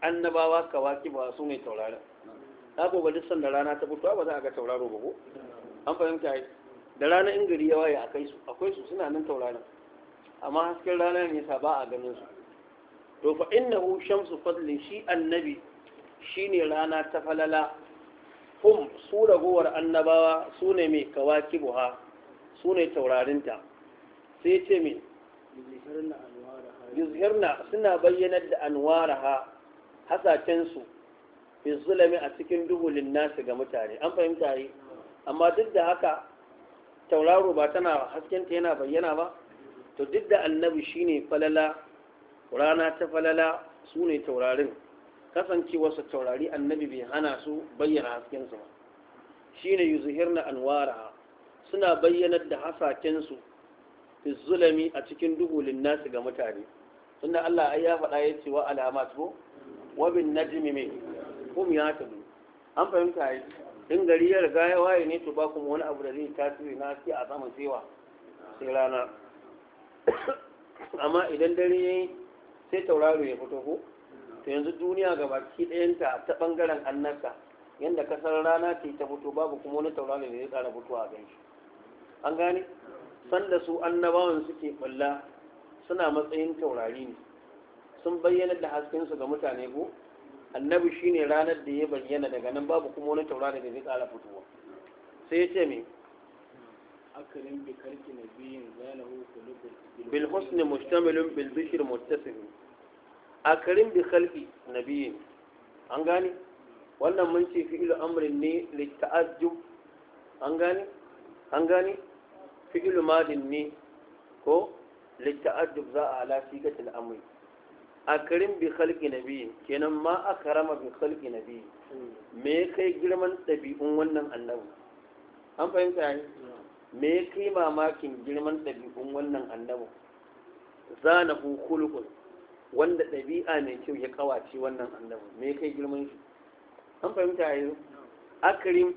annabawa kawaki ba su ne tauraron na gobe duk sanda rana ta fito ba za a ga tauraro ba ko an fahimta yi da rana in gari ya waye akai su akwai su suna nan tauraron amma hasken rana ne sa ba a ganin su to fa innahu shamsu fadli shi annabi shine rana ta falala hum su ragowar annabawa su ne mai kawaki buha su ne taurarinta sai ce min yuzhirna suna bayyanar da anwaraha hasacensu fi zulami a cikin duhulin nasu ga mutane an fahimta yi amma duk da haka tauraro ba tana haskenta yana bayyana ba to duk da annabi shine falala rana ta falala su ne taurarin kasancewarsa taurari annabi bai hana su bayyana haskensu ba shine yuzhirna anwaraha suna bayyanar da hasakensu fi zulami a cikin duhulin nasu ga mutane tunda Allah ai ya faɗa ya ce wa alamat ko wa bin najmi me kum ya tabu an fahimta yi in gari ya riga ya waye ne to ba kuma wani abu da zai tasiri na sai a saman sewa sai rana amma idan dare yayi sai tauraro ya fito ko to yanzu duniya ga baki ɗayanta ta ɓangaren annaka yadda kasar rana ce ta fito babu kuma wani tauraro da zai tsara fitowa a ganshi an gane sanda su annabawan suke ɓalla suna matsayin taurari ne sun bayyana da haskensu ga mutane ko annabi shine ranar da ya bayyana daga nan babu kuma wani taurari da zai kara fitowa sai ya ce me akalin bi karki nabiyin
zanahu kulubul bil husni mustamilun
bil bishir muttasim akarin bi khalqi nabiyin an gane wannan mun ce fi'il amrin ne ta'ajjub an gane an gane fi'il madin ne ko للتأدب za a ala الأمر أكرم بخلق نبي كنما ما kenan ma نبي bi khalqi nabi me kai girman dabi'un wannan annabi an fahimta ne me kai mamakin girman dabi'un wannan annabi wanda ɗabi'a mai kyau ya kawace wannan annabi me kai girman shi an fahimta ne akrim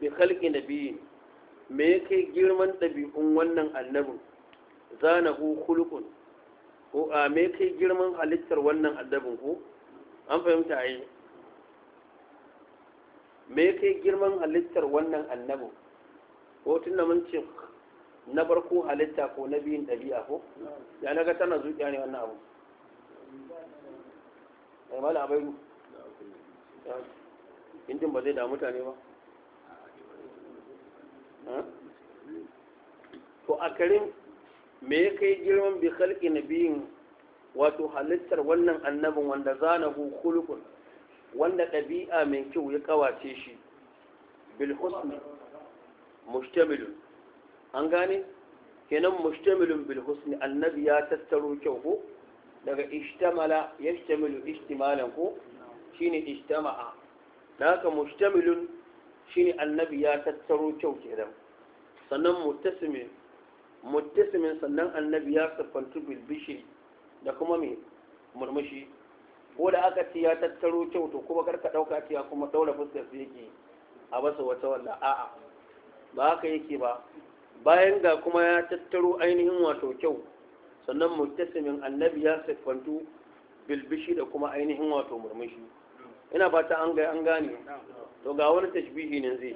bi nabi me kai girman ɗabi'un wannan hu khuluqun ko a me kai girman halittar wannan addabin ku an fahimta ai me kai girman halittar wannan annabin ko tunda mun ce na barko halitta ko na biyun ɗabi'a ko ya naga tana zuciya ne wannan abu ai mala abairu indin ba zai da mutane ba to a karin me ya kai girman bi khalqi nabiyin wato halittar wannan annabin wanda zanahu khulqun wanda dabi'a mai kyau ya kawace shi bil husn mushtamilun an gane kenan mushtamilun bil husn annabi ya tattaro kyau ko daga ishtamala yashtamilu ishtimalan ko shine ishtama'a haka mushtamilun shine annabi ya tattaro kyau kenan sannan mutasmin muttasimin sannan annabi ya siffantu bil bishri da kuma mai murmushi ko da aka ci ya tattaro kyau to kuma karka dauka ɗauka ya kuma daura fuskar su yake a basa wata walla a'a ba haka yake ba bayan ga kuma ya tattaro ainihin wato kyau sannan muttasimin annabi ya siffantu bil bishi da kuma ainihin wato murmushi ina fata an ga gane to ga wani tashbihi ne zai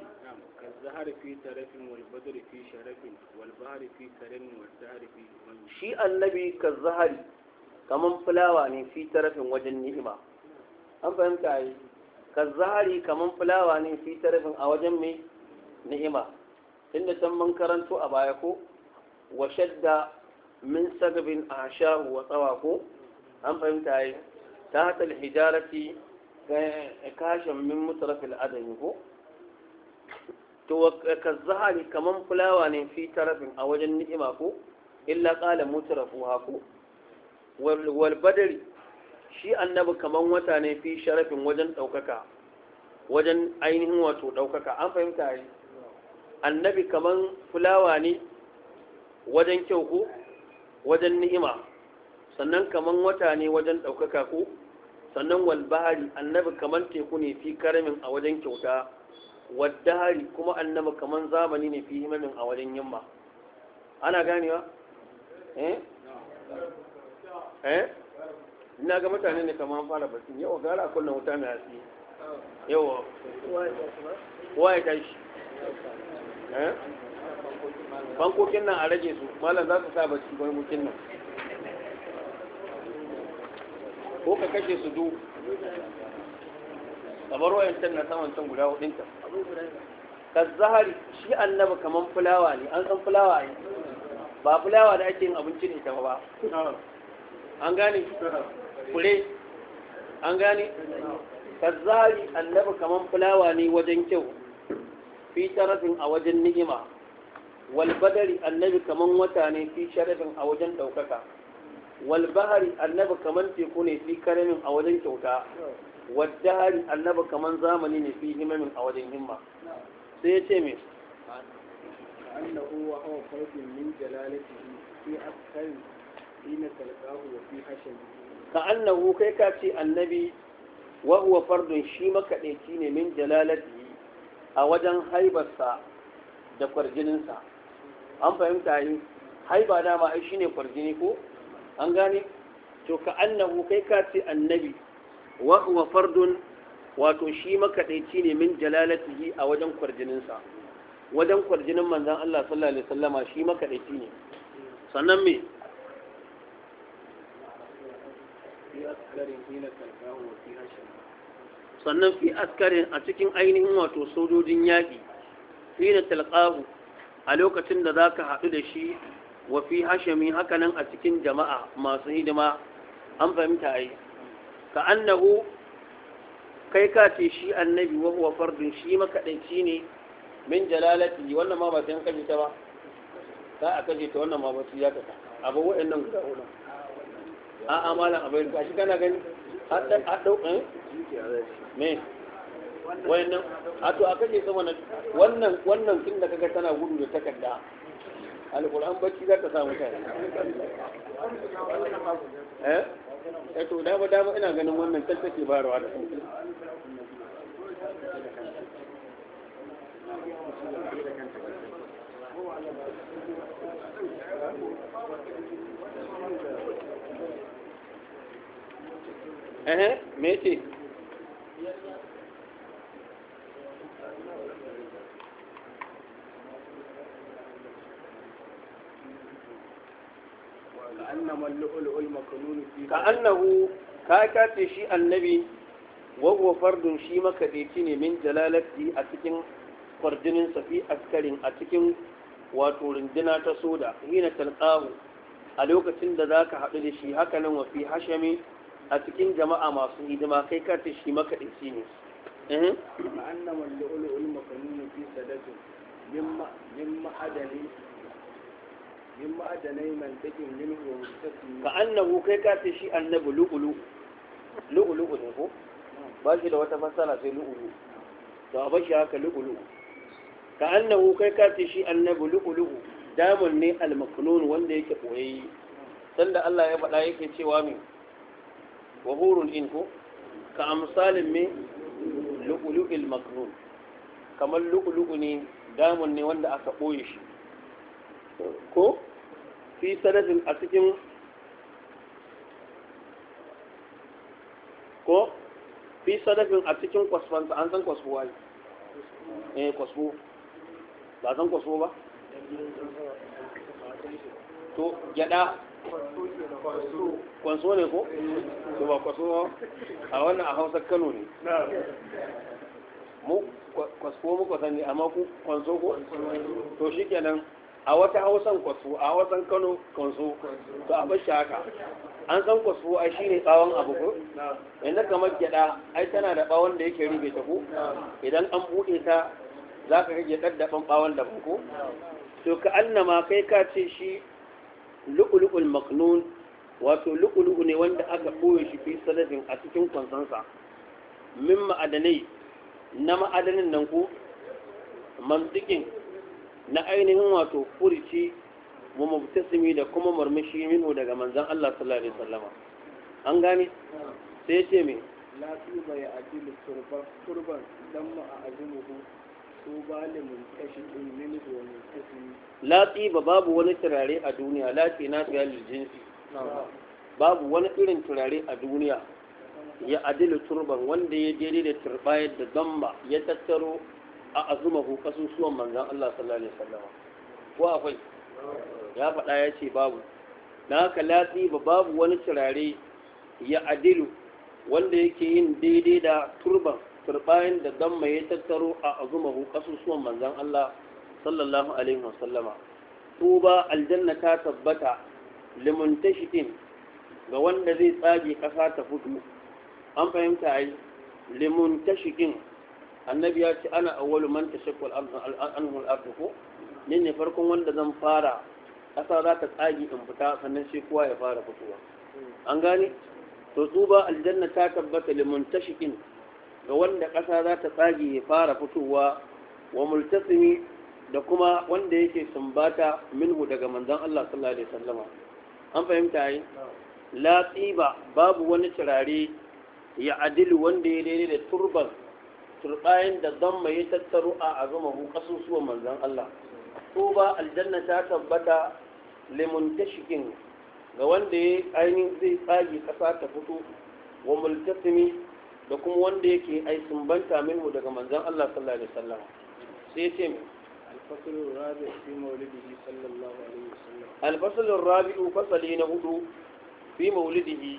كالزهر في ترف والبدر في شرف والبحر في كرم
والزهر في من شيء
النبي كالزهر كمان فلاوة يعني في ترف وجن نهما أم فهمت أي كالزهر كمان فلاوة يعني في ترف أوجن مي نهما إن تم كرنت أبايكو وشد من سقب أعشاه وطواكو أم فهمت أي تحت الحجارة كاشم من مترف الأدم هو to ka zahari kaman fulawa ne fi tarafin a wajen ni'ima ko illa qala mutrafuha ko wal badri shi annabi kaman wata ne fi sharafin wajen daukaka wajen ainihin wato daukaka an fahimta yi annabi kaman fulawa ne wajen kyau ko wajen ni'ima sannan kaman wata ne wajen daukaka ko sannan wal bahari annabi kaman teku ne fi karamin a wajen kyauta waddahari kuma annaba kaman zamani ne fi himamin a wajen yamma ana ganewa eh eh ina ga mutane ne kaman fara Yau yawa gara kunna wuta mai hasi
yawa waye tashi eh bankokin
nan a rage su malam za su sa bacci bankokin nan ko ka kashe su duk kamar wayancan na saman can guda ta ka zahari shi annaba kamar fulawa ne an san fulawa ne ba fulawa da ake yin abinci ne ta ba an gane kure an gane ka zahari annaba kamar fulawa ne wajen kyau fi tarafin a wajen ni'ima walbadari annabi kamar wata ne fi sharafin a wajen ɗaukaka walbahari annabi kamar teku ne fi karamin a wajen kyauta waddari annaba kaman zamani ne fi himamin a wajen himma sai ya ce me annahu wa hawa farqin min jalalatihi fi akthari hina talqahu wa fi hashim ka annahu kai ka ce annabi wa huwa fardun shi makadaici ne min jalalatihi a wajen haibarsa da kwarjininsa an fahimta yi haiba dama ai shine kwarjini ko an gane to ka annahu kai ka ce annabi wa huwa fardun wato shi makadaici ne min jalalatihi a wajen kwarjininsa wajen kwarjinin manzon Allah sallallahu alaihi wasallama shi makadaici ne sannan me sannan fi askarin a cikin ainihin wato sojojin yaƙi fi na talqahu a lokacin da zaka ka haɗu da shi wa fi hashami hakanan a cikin jama'a masu hidima an fahimta a yi ka annahu kai ka ce shi annabi wa huwa fardun shi makaɗaici ne min jalalati wannan ma ba sai an ta ba za a ta wannan ma ya kasa abu wa'annan guda uku a a malam abai ga shi kana gani har da har dau eh? me wa'annan a to a kaje sama na wannan wannan tun da kaga tana gudu da takarda alquran bacci za ka samu kai eh Da to dama dama ina ganin wannan tattake ba rawa da kanta eh me ka annahu ka kace shi annabi wa fardun shi makaɗaici ne min jalalati a cikin kwarjinin safi askarin a cikin wato rundina ta soda hina talqahu a lokacin da zaka haɗu da shi haka nan wa fi hashami a cikin jama'a masu hidima kai ka ta shi makaɗaici ne eh ma'anna wal lu'lu'ul makanun fi sadatu min ma'adani min ma'adanai mantakin min ka annahu kai ka ce shi annabi lu'ulu lu'ulu ne ko ba shi da wata fassara sai lu'ulu to a bashi haka lu'ulu ka annahu kai ka ce shi annabi lu'ulu damun ne al-maknun wanda yake boyayye sanda Allah ya faɗa yake cewa min wa hurun in ko ka amsalin me lu'ulu'il maknun kamar lu'ulu'u ne damun ne wanda aka ɓoye shi ko fi sanadin a cikin ko fi sanadin a cikin kwasfanta an san kwasfuwa ne eh kwasfu ba san kwasfu ba to gyada kwanso ne ko? to ba kwaso a wannan a hausar kano ne mu kwasko muka sani amma ku kwanso ko? to shi kenan a wata hausan kwasu a hausan kano kansu to a bashi haka an san kwasu ai shi ne tsawon abu ko inda kamar gyada ai tana da bawon da yake rube ta ku? idan an buɗe ta za ka rage ɗaddaɓan bawon da ku? to ka annama kai ka ce shi lu'ulu'ul maknun wato lu'ulu'u ne wanda aka ɓoye shi fi sanadin a cikin kwansansa min ma'adanai na ma'adanin nan ku? mantikin na ainihin wato furici mu mubtasimi da kuma murmushi minhu daga manzon Allah sallallahu alaihi wasallama an gane sai ya ce me la tuba ya ajilu turba turba dan mu a ajimuhu latsi ba babu wani turare a duniya ti na ga jinsi babu wani irin turare a duniya ya adilu turban wanda ya jeri da turba da damba ya tattaro a azumahu kasusuwan manzan Allah sallallahu alaihi sallama ko akwai ya faɗa ya ce babu na haka latsi ba babu wani turare ya adilu wanda yake yin daidai da turban turbayin da damma ya tattaro a azumahu kasusuwan manzan Allah sallallahu alaihi wasallama tuba aljanna ta tabbata limuntashitin ga wanda zai tsage ƙasa ta fito an fahimta ai limuntashikin annabi ya ce ana awwalu man tashakku al-anhu al ko ni ne farkon wanda zan fara ƙasa za ta tsagi in fita sannan shi kowa ya fara fitowa an gane to tsuba aljanna ta tabbata limun tashikin ga wanda kasa za ta tsagi ya fara fitowa wa multasimi da kuma wanda yake sumbata minhu daga manzon Allah sallallahu alaihi wasallama an fahimta yi la tiba babu wani turare ya adilu wanda ya daidai da turban turbayin da don mai tattaro a azumahu kasusuwan manzan Allah ko ba aljanna ta tabbata shikin ga wanda ya ainihin zai tsage ƙasa ta fito wa multasimi da kuma wanda yake ai sumbanta minhu daga manzan Allah sallallahu alaihi wasallam sai ce me alfasul rabi fi mawlidihi sallallahu alaihi wasallam alfasul rabi fasali na hudu fi mawlidihi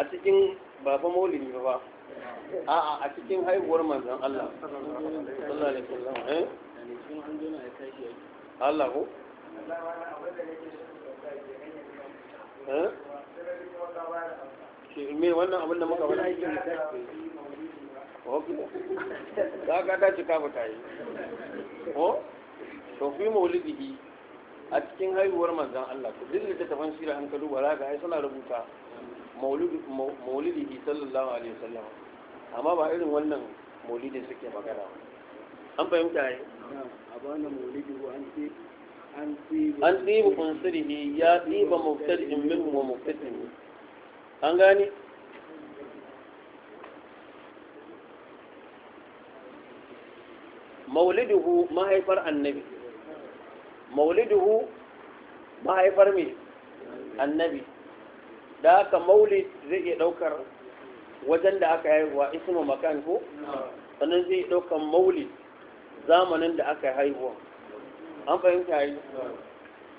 a cikin ba fa mawlidi ba
a'a a cikin haihuwar manzan Allah eh?
Allah ko ta yi a ai suna rubuta maulidihi sallallahu alaihi wasallam amma ba irin wannan maulidin suke magana an fahimta yi an tsibu kunsirihi ya tsiba mubtadi'in min wa mubtadi'in an gani mauliduhu mahaifar annabi mauliduhu mahaifar mai annabi da aka maulid zai iya ɗaukar wajen da aka haihuwa ismu makan ko sannan zai daukan maulid zamanin da aka haihuwa an fahimta yi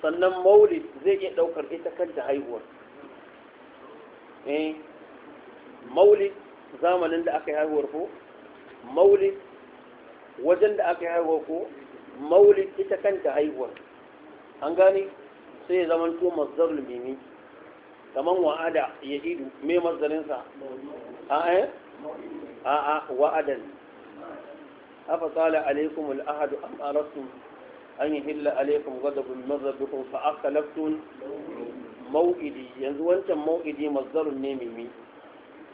sannan maulid zai iya ɗaukar ita kanta haihuwa eh maulid zamanin da aka haihuwa haihuwar ko maulid wajen da aka haihuwa haihuwar ko maulid ita kanta haihuwar an gane sai zaman to mazdar mimi kaman wa'ada ya idu mai mazalinsa. a'a a'a eh? wa'adan afa tsala alaikum al'ahadu an an yi hilla alaikum gadabin mazabikun fa'aka laftun mau'idi yanzu wancan mau'idi mazarun ne mimi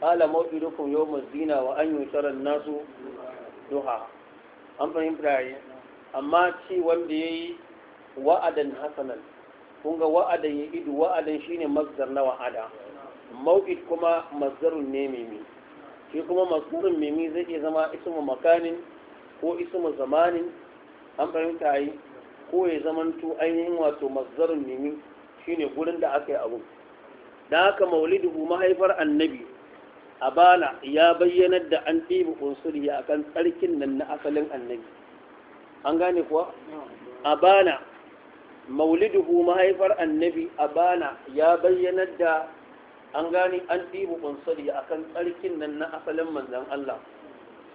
ƙala mau'idukun yau mazina wa an yi nasu duha an fahimta amma ci wanda ya yi wa'adan hasanan kun ga wa'adan ya idu wa'adan shine masdar na wa'ada mawqit kuma masdarun ne mimi shi kuma masdarun mimi zai iya zama ismu makanin ko ismu zamanin an fahimta yi ko ya zamanto ainihin wato masdarun mimi shine gurin da aka yi abu da haka maulidu mahaifar annabi a bana ya bayyanar da an ɗibi unsuri a kan tsarkin nan na asalin annabi an gane kuwa a bana mauliduhu mahaifar annabi a Bana, ya bayyana da an gani an ɗibu ƙunsuri a kan tsarkin nan na asalin manzan Allah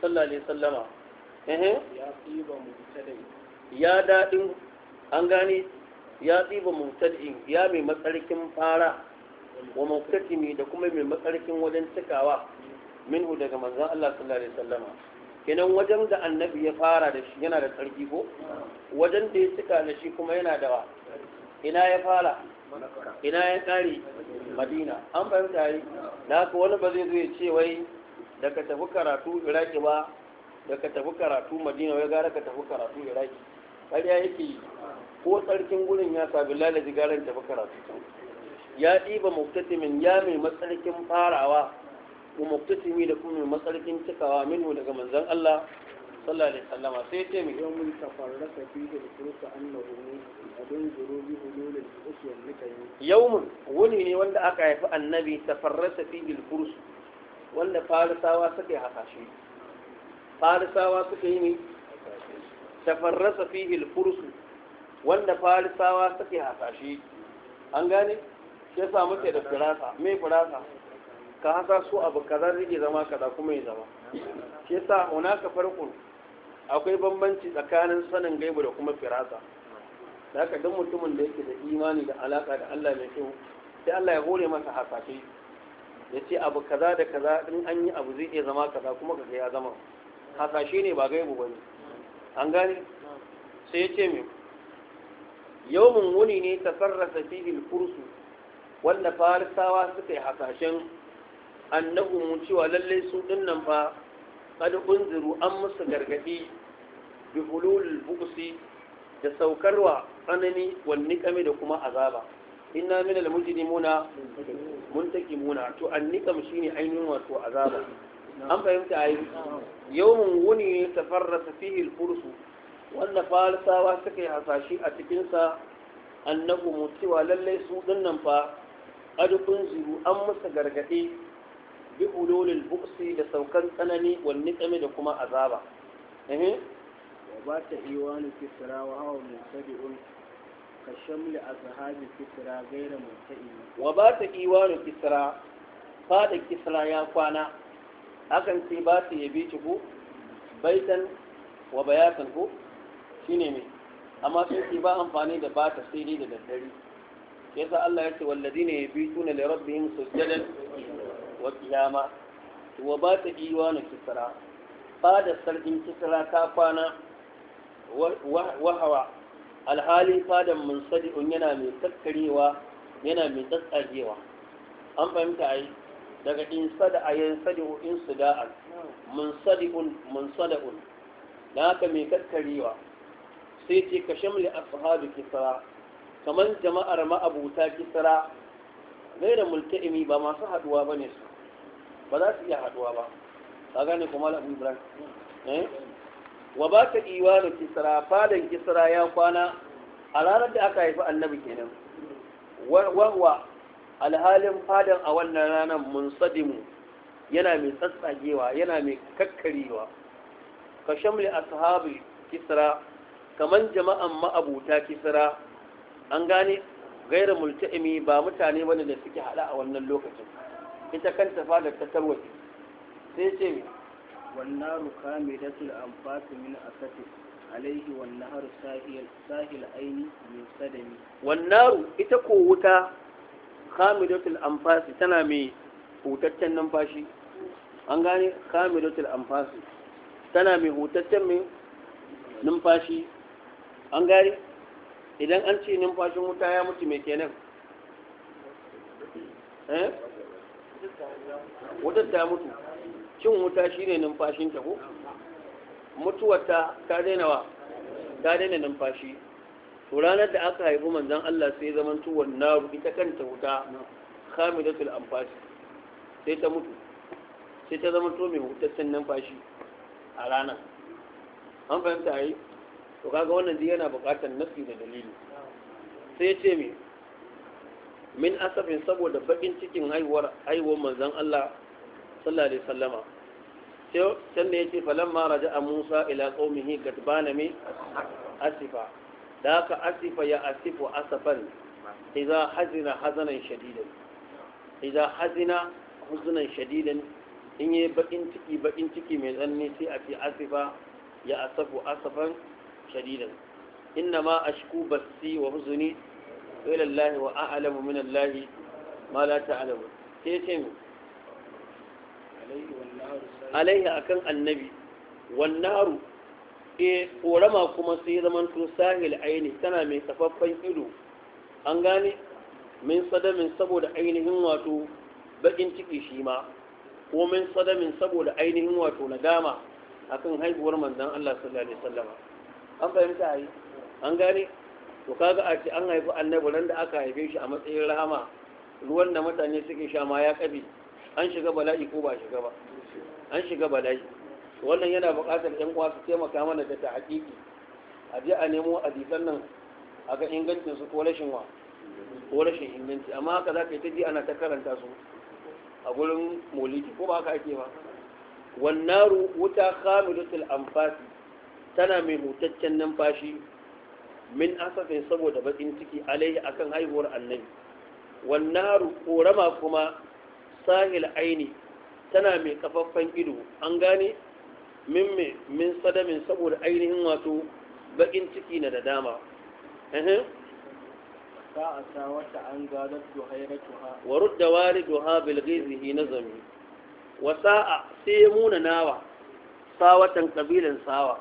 sallallahu sallama ya daɗin an gani ya ɗiba mutadin ya mai matsarkin fara wa muktatimi da kuma mai matsarkin wajen cikawa minhu daga manzan Allah sallallahu sallama kenan wajen da annabi ya fara da shi yana da tsarki ko wajen da ya cika da shi kuma yana da ina ya fara ina ya tsari madina an bayan tsari na ka wani ba zai zo ya ce wai da ka tafi karatu iraki ba da ka tafi karatu madina wai gara ka tafi karatu iraki ƙarya yake yi ko tsarkin gurin ya sabi lalaji garan tafi karatu ya ɗiba muktatimin ya mai matsarkin farawa wa muktasimi da kuma mai matsarkin cikawa minhu daga manzon Allah sallallahu alaihi wasallam sai ce mi yau mun tafarraka fi da kurusa annahu abin zurubi hululul uswal mutane yawmun wani ne wanda aka haifi annabi tafarrasa fi bil kurus wanda farisawa suka yi farisawa suka ne tafarrasa fi bil kurus wanda farisawa an gane shi muke da me firasa ka haka su abu kaza rike zama kaza kuma ya zama shi yasa hunaka farko? akwai bambanci tsakanin sanin gaibu da kuma firasa da haka don mutumin da yake da imani da alaka da Allah mai kyau sai Allah ya hore masa hasashe ya ce abu kaza da kaza in an yi abu zai iya zama kaza kuma kaga ya zama hasashe ne ba gaibu ba ne an gane sai ya ce mai mun wuni ne ta sarrafa fihil kursu wanda farisawa suka yi hasashen annahu cewa lallai su dinnan fa kad unziru an musu gargadi bi hulul buqsi da saukarwa tsanani wal niqami da kuma azaba inna min al mujrimuna muntakimuna to an niqam shine ainihin wato azaba an fahimta ayi yawmun wuni tafarrasa fihi al fursu wanda farisawa suka yi hasashi a cikinsa annahu cewa lallai su dinnan fa ad unziru an musu gargadi bi ululul buksi da saukan tsanani wani niqami da kuma azaba eh wa ba ta iwanu kisra wa hawa musabiun ka shamli ashabi kisra gaira mutaimin wa ba ta wani kisra fada kisra ya kwana akan sai ba ta yabe ci ko baitan wa bayatan Shi ne mai, amma sun ce ba amfani da ba ta sai da daddare yasa Allah ya ce walladine yabituna li rabbihim sujadan ba وقيامة وبات Ba da بعد سرد كسرى kwana wahawa. alhali fadan mun sadi un yana mai kakkarewa yana mai tsatsagewa an fahimta ai daga in sada a yan sadi'u in mun sada un. da haka mai kakkarewa sai ce ka shamli ashabu kisra kamar jama'ar ma'abuta kisra gaira multa'imi ba masu haduwa bane su ba za su iya haduwa ba ka gane kuma labu ibrahim eh? wa ba ta da kisra fadan kisra ya kwana a ranar da aka haifi annabi kenan wawa alhalin fadan a wannan ranar sadimu yana mai tsatsagewa yana mai kakkarewa ka shamli ashabi kisra kamar jama'an ma'abuta kisra an gane gaira multa'imi ba mutane bane da suke hada a wannan lokacin ita kanta fadar ta tarwace sai ce mai wannan ruka mai datul amfati min asati alaihi wannan haru sahil aini mai sadami wannan ita ko wuta khamidatul amfasi tana mai hutaccen numfashi an gane khamidatul amfasi tana mai hutaccen mai numfashi an gane idan an ce numfashin wuta ya mutu mai kenan
eh wutar ta mutu
cin wuta shine numfashinta ko mutuwarta ta daina wa ta dena numfashi to ranar da aka haifu manzon Allah sai zaman na naru ita kanta wuta khamidatul amfashi, sai ta mutu sai ta zama to mai hutaccen numfashi a ranar an fahimta yi to kaga wannan yana buƙatar nasi da dalili sai ce mai min asafin saboda bakin cikin haihuwar haihuwar manzan Allah sallallahu alaihi wasallama sai can da yace falamma raja'a Musa ila qaumihi gadbana mi asifa da asifa ya asifu asafan idza hazina hazanan shadidan idza hazina huzunan shadidan in yi bakin ciki bakin ciki mai tsanani sai a fi asifa ya asafu asafan shadidan inna ma ashku basi wa huzuni ila Allah wa a'lamu min Allah ma la ta'lamu sai ce mu alaihi akan annabi wan naru e korama kuma sai zaman to sahil aini tana mai kafaffan ido an gane min sadamin saboda ainihin wato bakin ciki shi ma ko min sadamin saboda ainihin wato nadama akan haihuwar manzon Allah sallallahu alaihi wasallama an fahimta yi an gane to kaga a ce an haifi annabi ran da aka haife shi a matsayin rahama ruwan da mutane suke sha ma ya kabe an shiga bala'i ko ba shiga ba an shiga bala'i wannan yana buƙatar yan uwa su taimaka mana da ta hakiki a je a nemo hadisan nan a ga ingancin su ko rashin wa ko rashin inganci amma haka za ka yi ta ji ana ta karanta su a gurin moliki ko ba haka ake ba wannaru wuta khamilatul anfasi tana mai hutaccen numfashi min asafin saboda bakin ciki alaihi akan haihuwar annabi wannaru korama kuma sahil aini tana mai kafaffen ido an gane min min sadamin saboda ainihin wato bakin ciki na da dama ta wata an gadar duhairatuha wa rudda waliduha bil ghizhi nazami wa sa'a sai muna nawa sawatan kabilan sawa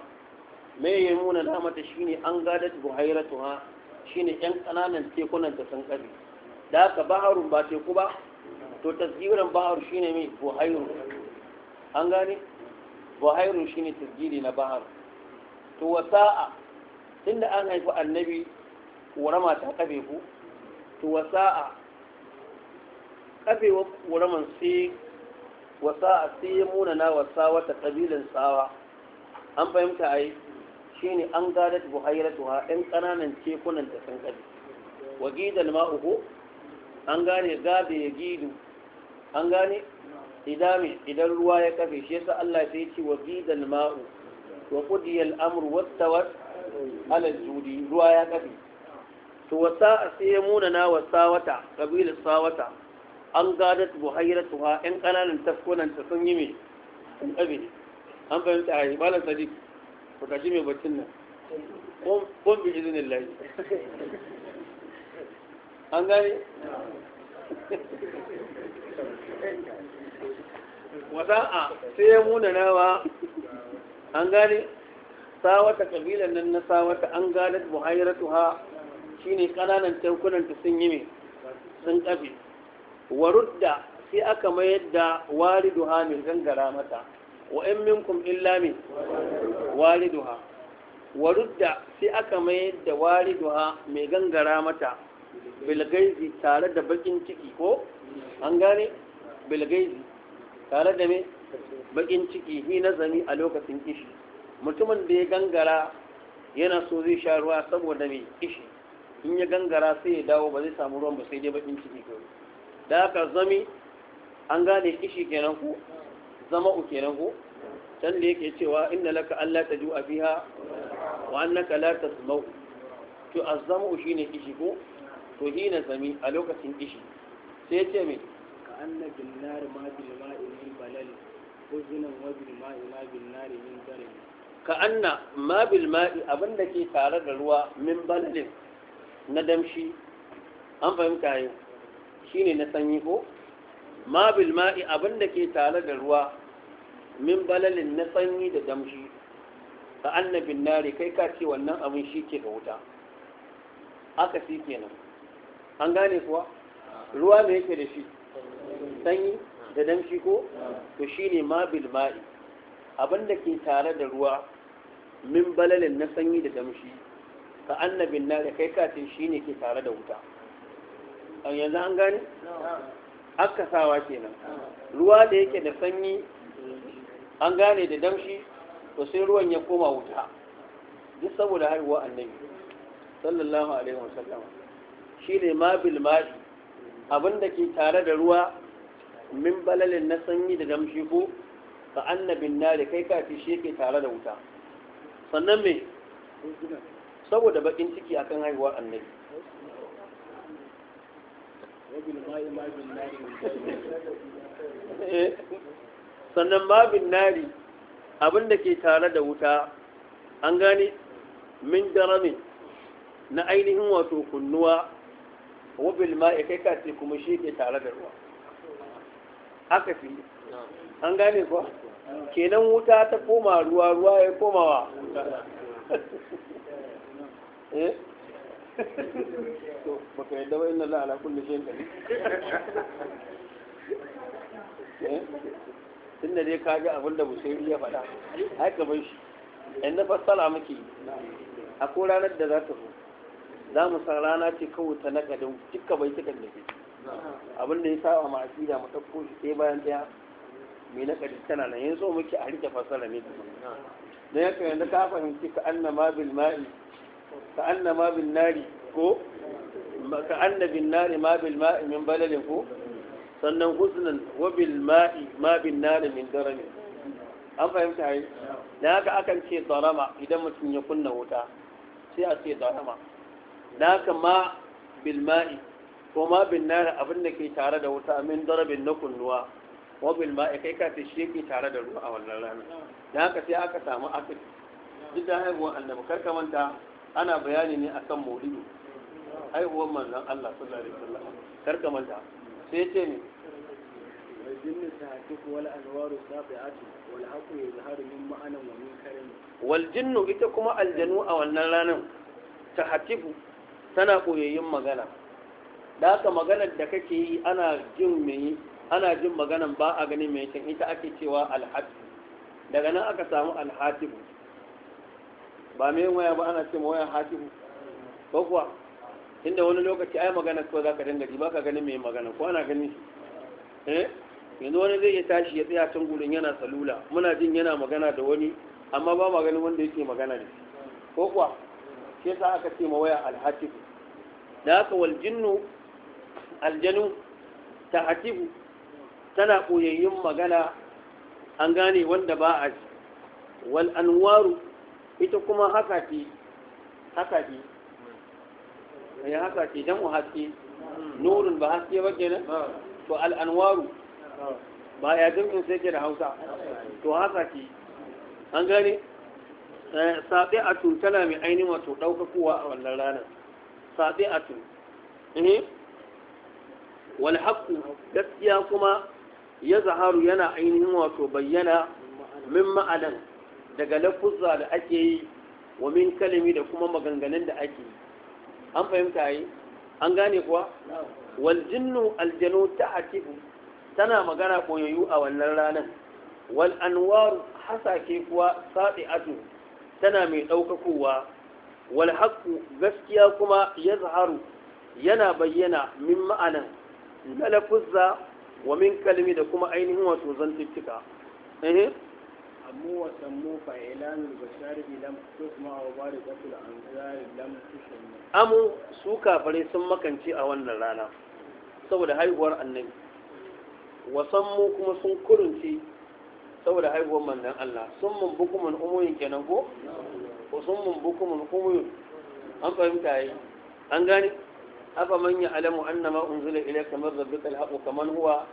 Mai ya muna na mata shine an gada Shi ne yan kananan tekunan ta san kari da aka baharun ba teku ba to baharu shi shine mai buhairu an gane buhairu shine tasgiri na Baharu. to a? tunda an haifi annabi ƙorama ta kafe ku to a? kafe ƙoraman sai a sai ya muna na wasa wata kabilin tsawa an fahimta a yi ne an gadat buhairatuha ɗan ƙananan tekunan da sun ƙari wa gidan uku? an gane gabe ya gidu an gane idami idan ruwa ya kafe shi yasa Allah sai ya ce wa gidan ma'u wa qudiya al-amru wattawat ala judi ruwa ya kafe to wasa sai ya muna na wasa wata kabilar sawata an gadat buhairatuha ɗan ƙananan tafkunan ta sun yi mai sun ƙabe an fahimta a yi malam sadiq ku mai baccin nan ƙon bi izini lai. an gane wasa'a sai ya nawa, an gane sawata kabilan nan na sawata an gane muhairatu ha shine kananan tankunan ta sun yi mai sun kafe warudda sai aka mayar da waridu ha mai gangara mata wa in minkum illa min waliduha warudda sai aka mai da waliduha mai gangara mata bilgaizi tare da bakin ciki ko an gane bilgaizi tare da mai bakin ciki na nazami a lokacin kishi mutumin da ya gangara yana so zai sha ruwa saboda mai kishi in ya gangara sai ya dawo ba zai samu ruwan ba sai dai bakin ciki ko da aka zami an gane kishi kenan ku zama uke nan ko can da yake cewa inda laka Allah ta ju'a fiha wa annaka la tasma'u to a azzamu shine kishi ku? to hina sami a lokacin kishi sai ce me ka anna bin nar ma bil ma'i min balal uzunan wa bil ma'i ma bil nar min balal ka anna ma bil abin da ke tare da ruwa min balalin na damshi an fahimta yau shine na sanyi ko ma bil ma'i abinda ke tare da ruwa min balalin na sanyi da damshi ka annabin nari kai ka ce wannan abin shi ke da wuta aka si kenan an gane kuwa ruwa me yake da shi sanyi da damshi ko to ne ma bil ma'i abinda ke tare da ruwa min balalin na sanyi da damshi ka annabin nari kai ka ce ne ke tare da wuta yanzu an gane akkasawa kenan ruwa da yake da sanyi an gane da damshi to sai ruwan ya koma wuta duk saboda haihuwa annabi sallallahu alaihi wasallam ne ma bil abin abinda ke tare da ruwa min balalin na sanyi da damshi ko ka annabin da kai kafi shi yake tare da wuta sannan me saboda bakin ciki akan haihuwar annabi Eh, sannan babin nari abinda ke tare da wuta an gane min daramin na ainihin wato kunnuwa wabil ma'i kai kace kuma shi ke tare da ruwa aka fi an gane kuwa kenan wuta ta koma ruwa ruwa ya komawa
baka
yadda ba inna la'ala kulli shayin eh? tunda dai ka ga abin da ya faɗa ai ka bar shi yan na fassara muke a ko ranar da za ta zo za mu san rana ce kawai ta nakadin cika bai tukan da ke abin da ya saba ma asida mu ɗauko shi sai bayan ɗaya mai nakadin tana nan so muke a rike fassara ne kuma don yanka yanzu ka fahimci ka annama bil ma'i ka annama bin nari ko ka annabin nari ma bil ma'i min balalin ko sannan husnan wa bil ma'i ma bin nari min darami an fahimta yi da haka akan ce darama idan mutum ya kunna wuta sai a ce darama da haka ma bil ma'i ko ma bin nari abin da ke tare da wuta min darabin na kunnuwa wabil ma kai ka ta shi yake tare da ruwa a wannan rana da haka sai aka samu akid duk da haihuwar annabi kar ka manta ana bayani ne akan maulidi haihuwar manzon Allah sallallahu alaihi wasallam karka manta sai ya ce ne wal jinnu ita kuma والحق يظهر من معنى ومن كرم والجن إتكما الجنو أو da aka maganar da kake yi ana jin mai ana jin maganan ba a ganin mai ita ake cewa alhaji daga nan aka samu alhatibu ba mai waya ba ana ce waya hatimu ko kuwa inda wani lokaci ai magana ko za ka dinga ji ba ka ganin mai magana ko ana ganin shi eh yanzu wani zai iya tashi ya tsaya can gurin yana salula muna jin yana magana da wani amma ba ma ganin wanda yake magana da ko kuwa shi yasa aka ce ma waya alhatif da haka wal jinnu aljanu hatibu tana koyayyin magana an gane wanda ba a wal anwaru ita kuma haka ce haka ce ya eh, haka ce don mu haske nurin ba haske ba kenan ah. to al'anwaru ah. ba ya jirgin sai ke da hausa to haka ce an gane eh, saɓe a tun tana mai ainihin wato ɗaukakowa a wannan ranar saɓe a tun eh? Wani haƙƙu gaskiya kuma ya zaharu yana ainihin wato bayyana min ma'adan daga lafuzza da ake yi wa min kalami da kuma maganganun da ake yi an fahimta yi an gane kuwa waljinnu aljanu ta atibu tana magana koyoyu a wannan ranar wal anwaru hasake kuwa atu tana mai daukakowa wal haqqu gaskiya kuma zaharu yana bayyana min ma'ana na lafuzza wa min kalmi da kuma ainihin wato zantuttuka eh أمو su فإعلان sun makance a wannan rana, saboda haihuwar annabi mu kuma sun kurunci saboda haihuwar manzan Allah sun mun bukumin umuyin kenan ko ko sun mun bukumin umuyin an fahimta yi an gane afa man ya alamu annama unzila ilayka min rabbika alhaq kaman huwa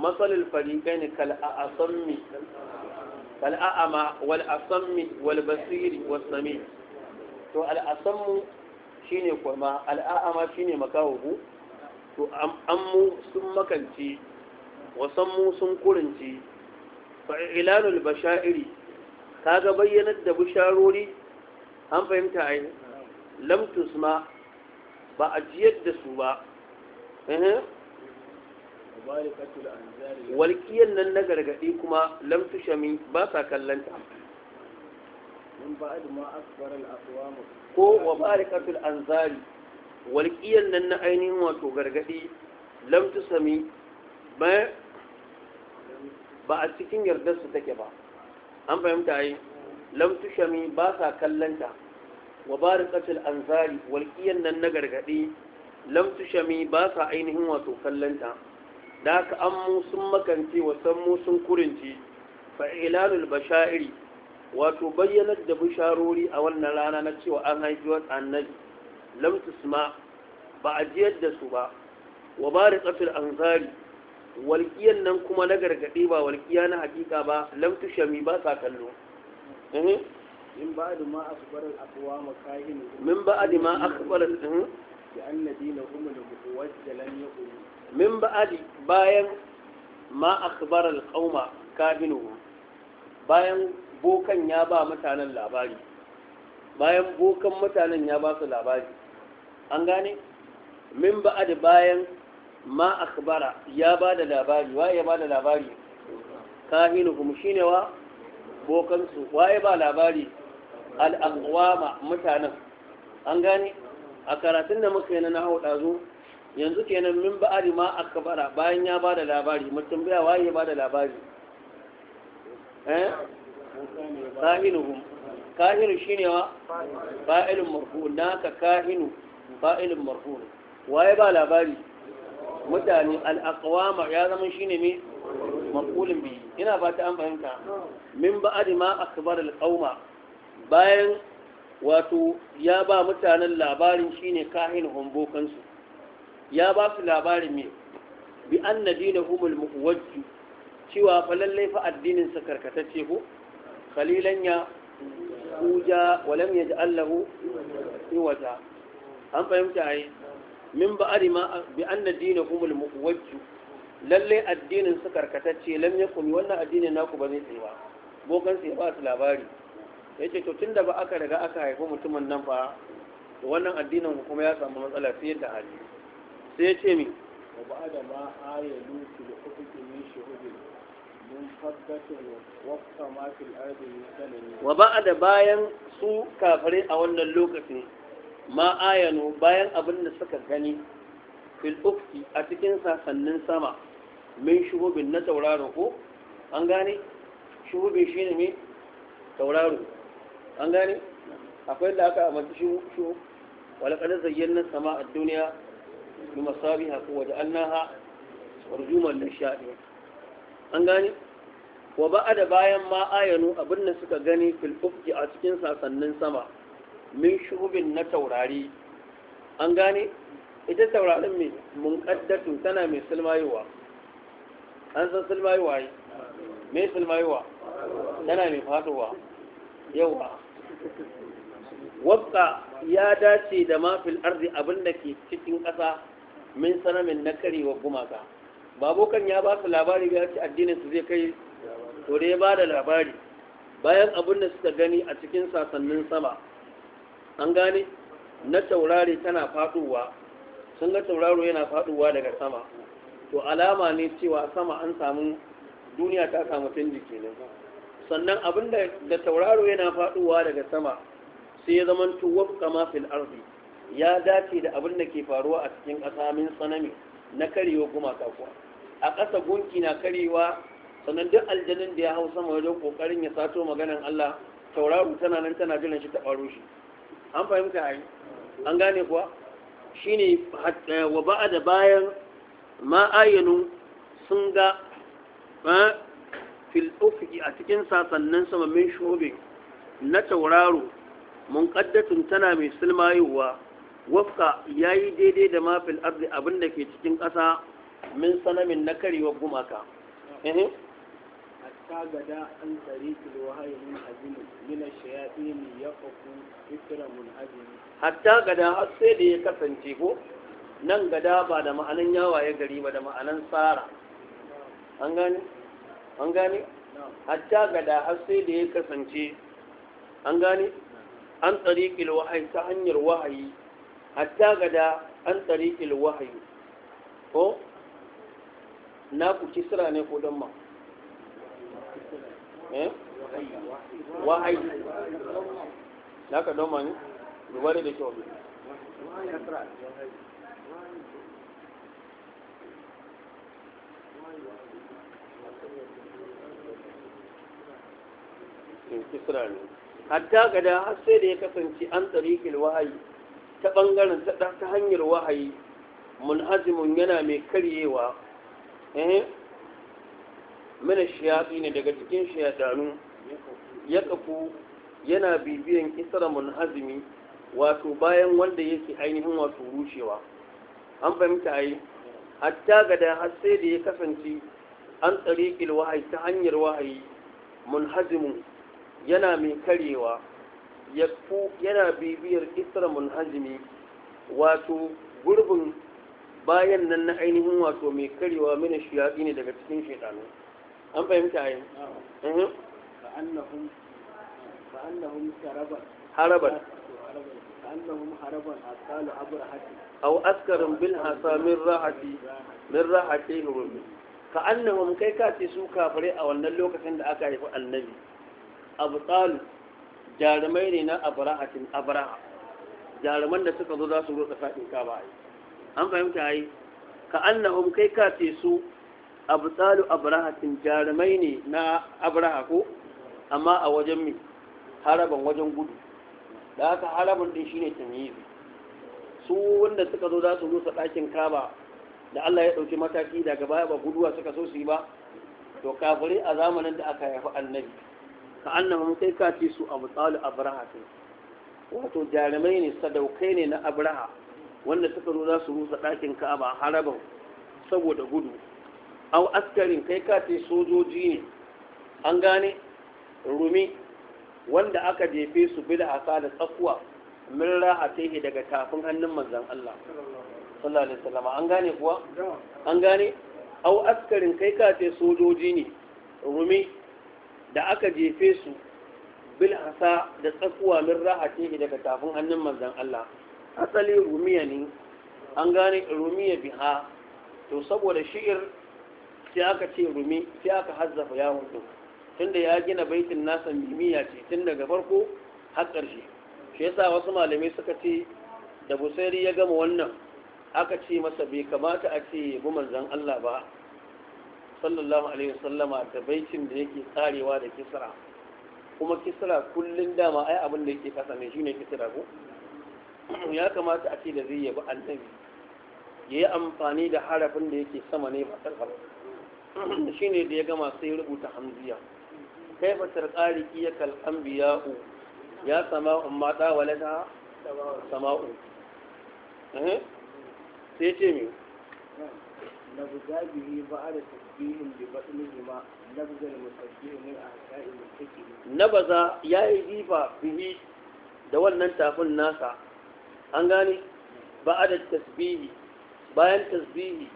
matsalil fariƙai ne kal'a'asammi kal'a'ama wal'asammi walbasiri wasami to al'asammu shi ne kurma al'a'ama shi ne makawahu to ammu sun makanci wasammu sun kurinci fa'ilanul basha'iri ka ga bayyanar da bisharori an fahimta ai lamtus ma ba a jiyar da su ba Walƙiyar nan na gargaɗi kuma lamtu shami ba sa kallanta ko wa barikatul anzari walƙiyar nan na ainihin wato gargaɗi lamtu sami ba a cikin yardarsu take ba an fahimta yi lamtu shami ba sa kallanta wa barikatul anzari walƙiyar nan na gargaɗi lamtu shami ba sa ainihin wato kallanta da haka an mu sun makance wasan san mu sun kurinci fa'ilanul bashairi wato bayyanar da bisharori a wannan rana na cewa an haifi wata annabi lam tusma ba a jiyar da su ba wa bariqatul anzari walƙiyan nan kuma na gargaɗe ba walƙiya na hakika ba lam tushami ba sa kallo eh? min ba'd ma akbar al-aqwam kahin min ba'd ma akbar al-annabi eh? lahum al-muwajjalan yaqulu min ba'adi bayan ma akhbar al-qauma kabinuhu bayan bokan ya ba mutanen labari bayan bokan mutanen ya ba su labari an gane min ba'adi bayan ma akhbara ya ba da labari waye ya ba da labari kahinuhum shine wa bokan su waye ba labari al-aqwama mutanen an gane a karatun da muka yi na nahu dazu yanzu kenan min ba'ari ma fara bayan ya bada labari mutum baya waye bada labari
eh kahinuhum
kahinu shine wa fa'ilun marfu'un naka kahinu fa'ilun marfu'un waye ba labari mutane al aqwam ya zama shine me maqulun bi ina fata an fahimta min ba'ari ma akbar al-qauma bayan wato ya ba mutanen labarin shine kahinuhum bokansu ya ba su labarin mai bi an na dina humul muwajju cewa fa lallai fa addinin sa karkatacce ko kalilan ya kuja walam ya ji allahu iwata an fahimta yi min ba arima bi an na dina humul muwajju lallai addinin karkata karkatacce lam ya kuni wannan addinin naku ba zai tsewa bokan sai ba su labari ya ce to tunda ba aka riga aka haifi mutumin nan to wannan addinin kuma ya samu matsala fiye da hali sai ya ce mi wa ba da min
shuhudin
da bayan su kafare a wannan lokacin ma ayanu bayan abin da suka gani fil ufki a cikin sassanin sama mai shuhubin na tauraro ko an gane shi ne mai tauraro an gane akwai da aka amince shuhu wala kada zayyana sama a duniya بمصابيها وجعلناها رجوما للشائعين an gane wa ba'ada bayan ma ayanu abin da suka gani fil ufki a cikin sasannin sama min shubin na taurari an gane ita taurarin mai munkaddatun tana mai silmayewa an san silmayewa yi mai silmayewa tana mai fatowa yawa wabka ya dace da mafil arzi abin da ke cikin ƙasa min sanamin na wa gumaka babokan ya ba su labari ga ce addinin su zai kai to da ya ba da labari bayan abin da suka gani a cikin sasannin sama an gane na taurari tana faduwa sun ga tauraro yana faduwa daga sama to alama ne cewa sama an samu duniya ta samu canji kenan sannan abin da tauraro yana faduwa daga sama sai ya zama tuwaf kama fil arzi ya dace da abin da ke faruwa a cikin ƙasa min tsanani na karewa gumaka kuwa a ƙasa gunki na karewa sannan duk aljanin da ya hau sama wajen ƙoƙarin ya sato maganan Allah tauraru tana nan tana jiran shi ta shi an fahimta ai an gane kuwa shine eh, wa ba'a da bayan ma'ayinu sun ga fil a cikin sasannin sama min shobe na tauraro mun tana mai silmayowa wafka ya yi daidai da mafil arzi abin da ke cikin ƙasa min sanamin na karewar gumaka hatta gada an tsari wahayi mun azini mina shayaɗi ne ya ƙafu fitira mun hatta gada har sai da ya kasance ko nan gada ba da ma'anin yawaye gari ba da ma'anin tsara an gani an gane hatta gada har sai da ya kasance an gani. an tsari ta hanyar wahayi hatta gada an tsari ilwahayu ko na ku kisra ne ko don ma
eh? wahayi
na ka don ma ne duwari da kyau eh, kisra ne hatta gada har sai da ya kasance an tsari ilwahayu ta ɓangaren ta hanyar wahayi munhazimun yana mai karyewa eh mana shiyaɗi ne daga cikin shiyaɗanu ya kafu yana bibiyan isra munhazimi wato bayan wanda yake ainihin wato rushewa an fahimta ai hatta gada har sai da ya kasance an tsariƙil wahayi ta hanyar wahayi munhazimun yana mai karyewa yana bibiyar isra munhajimi wato gurbin bayan nan na ainihin wato mai karewa mini shiyaɗi ne daga cikin shaidanu an fahimta a yi harabar au askarin bin hasa min rahati min rahati hurumi ka annahum kai kace su kafare a wannan lokacin da aka haifi annabi abu tsalu jarumai ne na abrahatin abraha jaruman da suka zo za su rotsa faɗin ka ba an fahimta yi ka annahum kai ka ce su abu tsalu abrahatin jarumai ne na abraha ko amma a wajen mi haraban wajen gudu da haka haraban din shine tamyizi su wanda suka zo za su rusa ɗakin kaba da Allah ya ɗauki mataki daga baya ba guduwa suka so su yi ba to kafirai a zamanin da aka haifi annabi ka annahum kai ka su a tsalu abraha ta, wato jarumai ne sadaukai ne na abraha wanda suka zo za su rusa ɗakin ka'aba harabar saboda gudu au askarin kai ka sojoji ne an gane rumi wanda aka jefe su bil asa da tsakuwa min ra'atihi daga tafin hannun manzon Allah sallallahu alaihi wasallam an gane kuwa an gane au askarin kai ka sojoji ne rumi da aka jefe su bil hasa da tsakuwa min rahatihi daga tafin hannun manzan Allah asali rumiya ne an gane rumiya biha to saboda shi'ir sai aka ce rumi sai aka hazzafa ya tunda ya gina baitin nasa mimiya ce tun daga farko har ƙarshe shi yasa wasu malamai suka ce da busairi ya gama wannan aka ce masa bai kamata a ce bu manzan Allah ba sallallahu alaihi wasallama da baitin da yake karewa da kisra kuma kisra kullun dama ai abin da yake kasa ne shine kisra ko ya kamata a ce da zai yabi annabi yayi amfani da harafin da yake sama ne ba karfa ba shine da ya gama sai rubuta hamziya kaifa tarqari iyakal anbiya'u ya sama'u ma ta walata sama'u eh sai ce me نبذا به بعد تسبيح ببطنهما نبذ المسبح
من أعداء المتكئ نبذا
يا إذيبا به da wannan tafin nasa an gane ba da tasbihi bayan tasbihi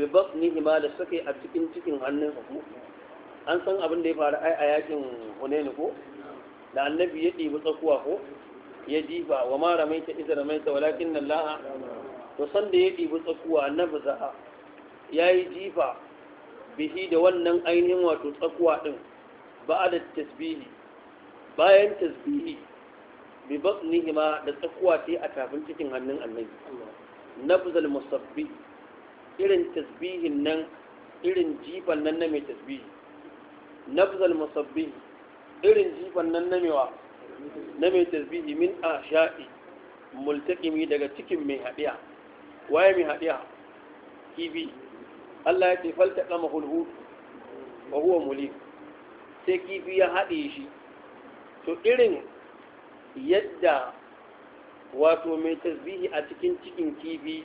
bai bas ni da suke a cikin cikin hannun haku an san abin da ya faru ai a yakin hunaini ko da annabi ya dibi tsakuwa ko ya jifa wa ma ramaita iza ramaita walakin nan to san da ya dibi tsakuwa annabi za ya yi jifa bihi da wannan ainihin wato tsakuwa ɗin ba da tasbihi bayan tasbihi bi batnihi ma da tsakuwa ce a tafin cikin hannun annabi nabzal musabbi irin tasbihin nan irin jifan nan na mai tasbihi nabzal musabbi irin jifan nan na mewa na mai tasbihi min a sha'i multaƙimi daga cikin mai haɗiya waye mai haɗiya kibi Allah ya ce falta dama hulhu wa huwa sai kifi ya haɗe shi to irin yadda wato mai tasbihi a cikin cikin kifi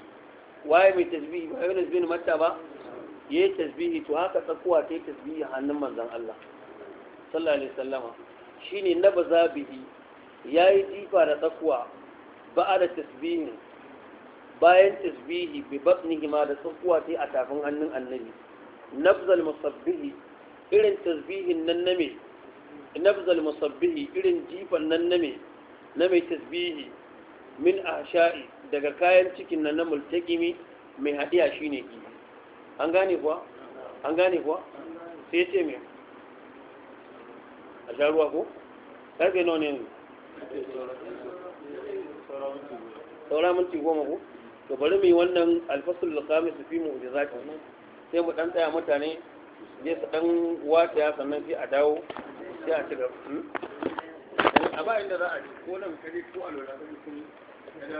waye mai tasbihi ba yana tasbihin matta ba ya yi tasbihi to haka tsakuwa ta yi tasbihi hannun manzan Allah sallallahu alaihi sallama shi ne na ba zabihi ya yi jifa da tsakuwa ba a da tasbihin bayan tasbihi bi batnihi ma da tsakuwa sai a tafin hannun annabi nafzal musabbihi irin tasbihin nan na me nafzal musabbihi irin jifan nan na me na mai tasbihi min ahsha'i daga kayan cikin nan na multakimi mai hadiya shine ki an gane kuwa an gane kuwa sai ce me a jaruwa ko karfe nawa ne saura goma ko to bari mu yi wannan alfasul khamis fi mu'jizati sai mu dan tsaya mutane je su dan wata sannan sai a dawo sai a ci gaba hmm?
a ba inda za a ko nan kare ko a lura